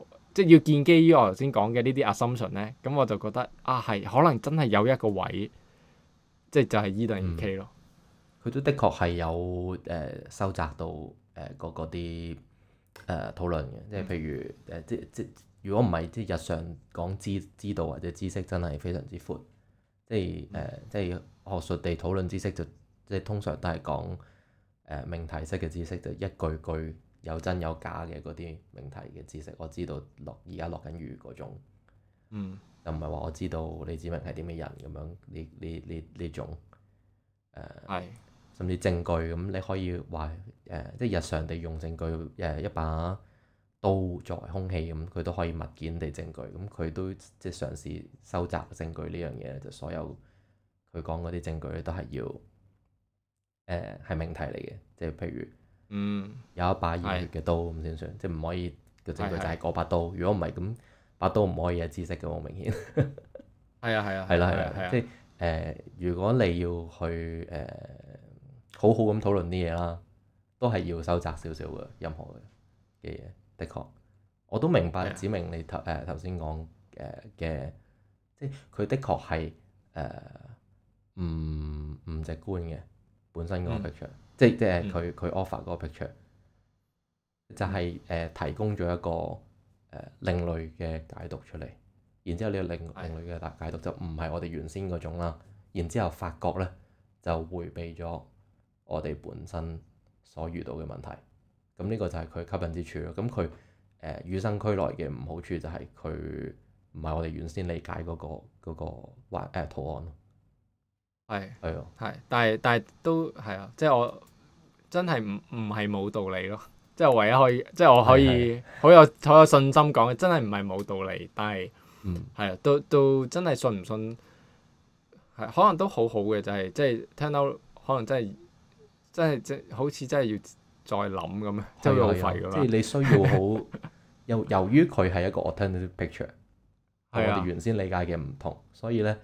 S1: 個。即係要建基於我頭先講嘅呢啲 assumption 咧，咁我就覺得啊，係可能真係有一個位，即係就係 E 等於 K 咯。佢都、嗯、的確係有誒、呃、
S2: 收窄到誒嗰啲誒討論嘅，即係譬如誒、呃，即即如果唔係即係日常講知知道或者知識，真係非常之闊。即係誒、呃，即係學術地討論知識就，就即係通常都係講誒命題式嘅知識，就一句句。有真有假嘅嗰啲命題嘅知識，我知道落而家落緊雨嗰種，嗯、又唔係話我知道李子明係點嘅人咁樣呢呢呢呢種誒，呃、是甚至證據咁、嗯、你可以話誒、呃，即係日常地用證據誒一把刀作為兇器咁，佢、嗯、都可以物件地證據咁，佢、嗯、都即係嘗試收集證據呢樣嘢，就所有佢講嗰啲證據都係要誒係命題嚟嘅，即係譬如。嗯，有一把熱血嘅刀咁先算，是即係唔可以嘅證據就係嗰把刀。如果唔係咁，把刀唔可以有知識嘅，好明顯。係啊係啊。係啦係啦，啊啊啊啊啊、即係誒、呃，如果你要去誒、呃、好好咁討論啲嘢啦，都係要收窄少少嘅任何嘅嘢，的確。我都明白梓明你頭誒頭先講誒嘅，即係佢的確係誒唔唔直觀嘅本身個 picture。嗯即係即係佢佢 offer 嗰個 picture，就係誒提供咗一個誒另類嘅解讀出嚟，然之後你另另類嘅解解讀就唔係我哋原先嗰種啦，然之後發覺咧就迴避咗我哋本身所遇到嘅問題，咁呢個就係佢吸引之處咯。咁佢誒與生俱來嘅唔好處就係佢唔係我哋原先理解嗰個嗰個畫誒圖案咯。
S1: 係係咯，係，但係但係都係啊，即係我真係唔唔係冇道理咯，即係唯一可以，即係我可以好的有好有信心講嘅，真係唔係冇道理，但係，係啊、嗯，都都真係信唔信，係可能都好好嘅，就係、是、即係聽到，可能真係真係即好似真係要再諗咁啊，的即係你需
S2: 要好， 由由於佢係一個 alternative picture，係我哋原先理解嘅唔同，的所以咧。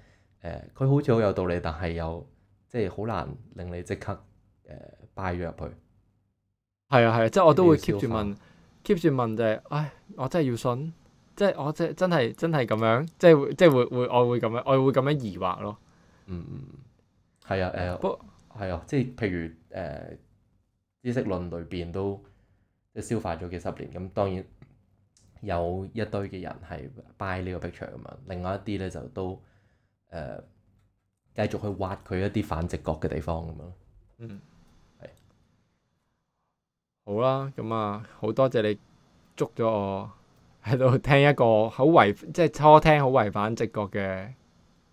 S2: 誒佢、uh，好似好有道理，但係又，即係好難令你即刻誒、uh, buy 咗入去。
S1: 係啊係啊，即係、啊、我都會 keep 住問，keep 住問，問就係、是，唉、哎，我真係要信，即係我即係真係真係咁樣，即係即係會會，會我會咁樣，我會咁樣疑惑咯。嗯，嗯，係啊誒，係啊，即、呃、係不、啊啊、譬如誒
S2: 知、uh，識論裏邊都即係消化咗幾十年，咁當然有一堆嘅人係 buy 呢個 picture 咁樣，另外一啲咧就都。誒，繼續去挖佢一啲反直覺嘅地方咁樣
S1: 咯。嗯，係。好啦，咁啊，好多謝你捉咗我喺度聽一個好違，即係初聽好違反直覺嘅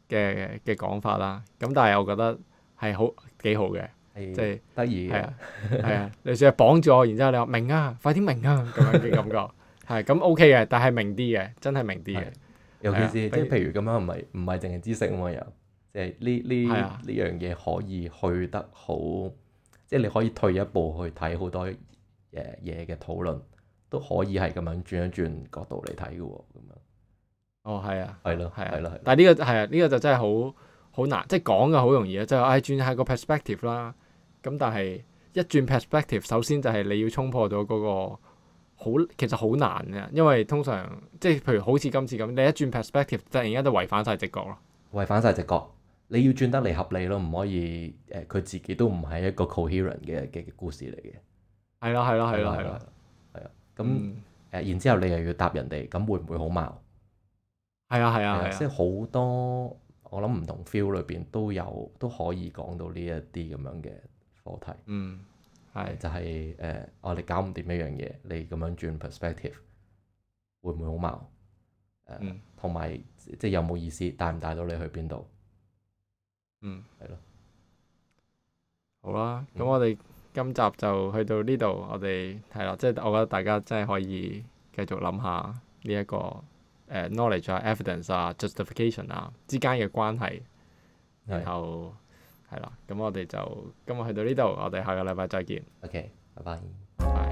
S1: 嘅嘅講法啦。咁但係我覺得係好幾好嘅，即係得意嘅。係啊，你成日綁住我，然之後你話明啊，快啲明啊咁樣嘅感覺。係咁 OK 嘅，但係明啲嘅，真係明啲嘅。尤其是即係、啊、譬如咁樣，唔係唔係淨係知識樣、就是、啊嘛，又即係呢呢呢樣嘢可以去得好，即、就、係、是、你可以退一步
S2: 去睇好多誒嘢嘅討論，都可以係咁樣轉一轉角度嚟睇
S1: 嘅喎，咁樣。哦，係啊，係咯，係啊，係咯，但係呢個係啊，呢、啊啊呢個啊呢個就真係好好難，即係講嘅好容易、就是、啊，就係誒轉下個 perspective 啦。咁但係一轉 perspective，首先就係你要衝破咗嗰、嗰個。好，其實好難嘅，因為通常即係譬如好似今次咁，你、like、一轉 perspective，突然間就違反晒直覺咯。
S2: 違反晒直覺，你要轉得嚟合理咯，唔可以誒，佢自己都唔係一個 coherent 嘅嘅故事嚟嘅。
S1: 係啦，係啦，係啦，係啦，係
S2: 啊。咁誒，然之後你又要答人哋，咁會唔會好矛盾？係啊，係啊，係啊。即係好多，我諗唔同 feel 裏邊都有都可以講到呢一啲咁樣嘅課題。嗯、um。係是就係、是、誒，我哋搞唔掂一樣嘢，你咁樣轉 perspective 會唔會好矛？誒、uh, 嗯，同埋即係有冇、就是、意思帶唔帶到你去邊度？嗯，係咯。
S1: 好啦，咁我哋今集就去到呢度。我哋係咯，即係、就是、我覺得大家真係可以繼續諗下呢一個誒、uh, knowledge 啊、uh,、evidence 啊、uh,、justification 啊、uh, 之間嘅關係，是的 然後。係啦，咁我哋就今日去到呢度，我哋下個禮拜再見，OK，拜拜拜拜。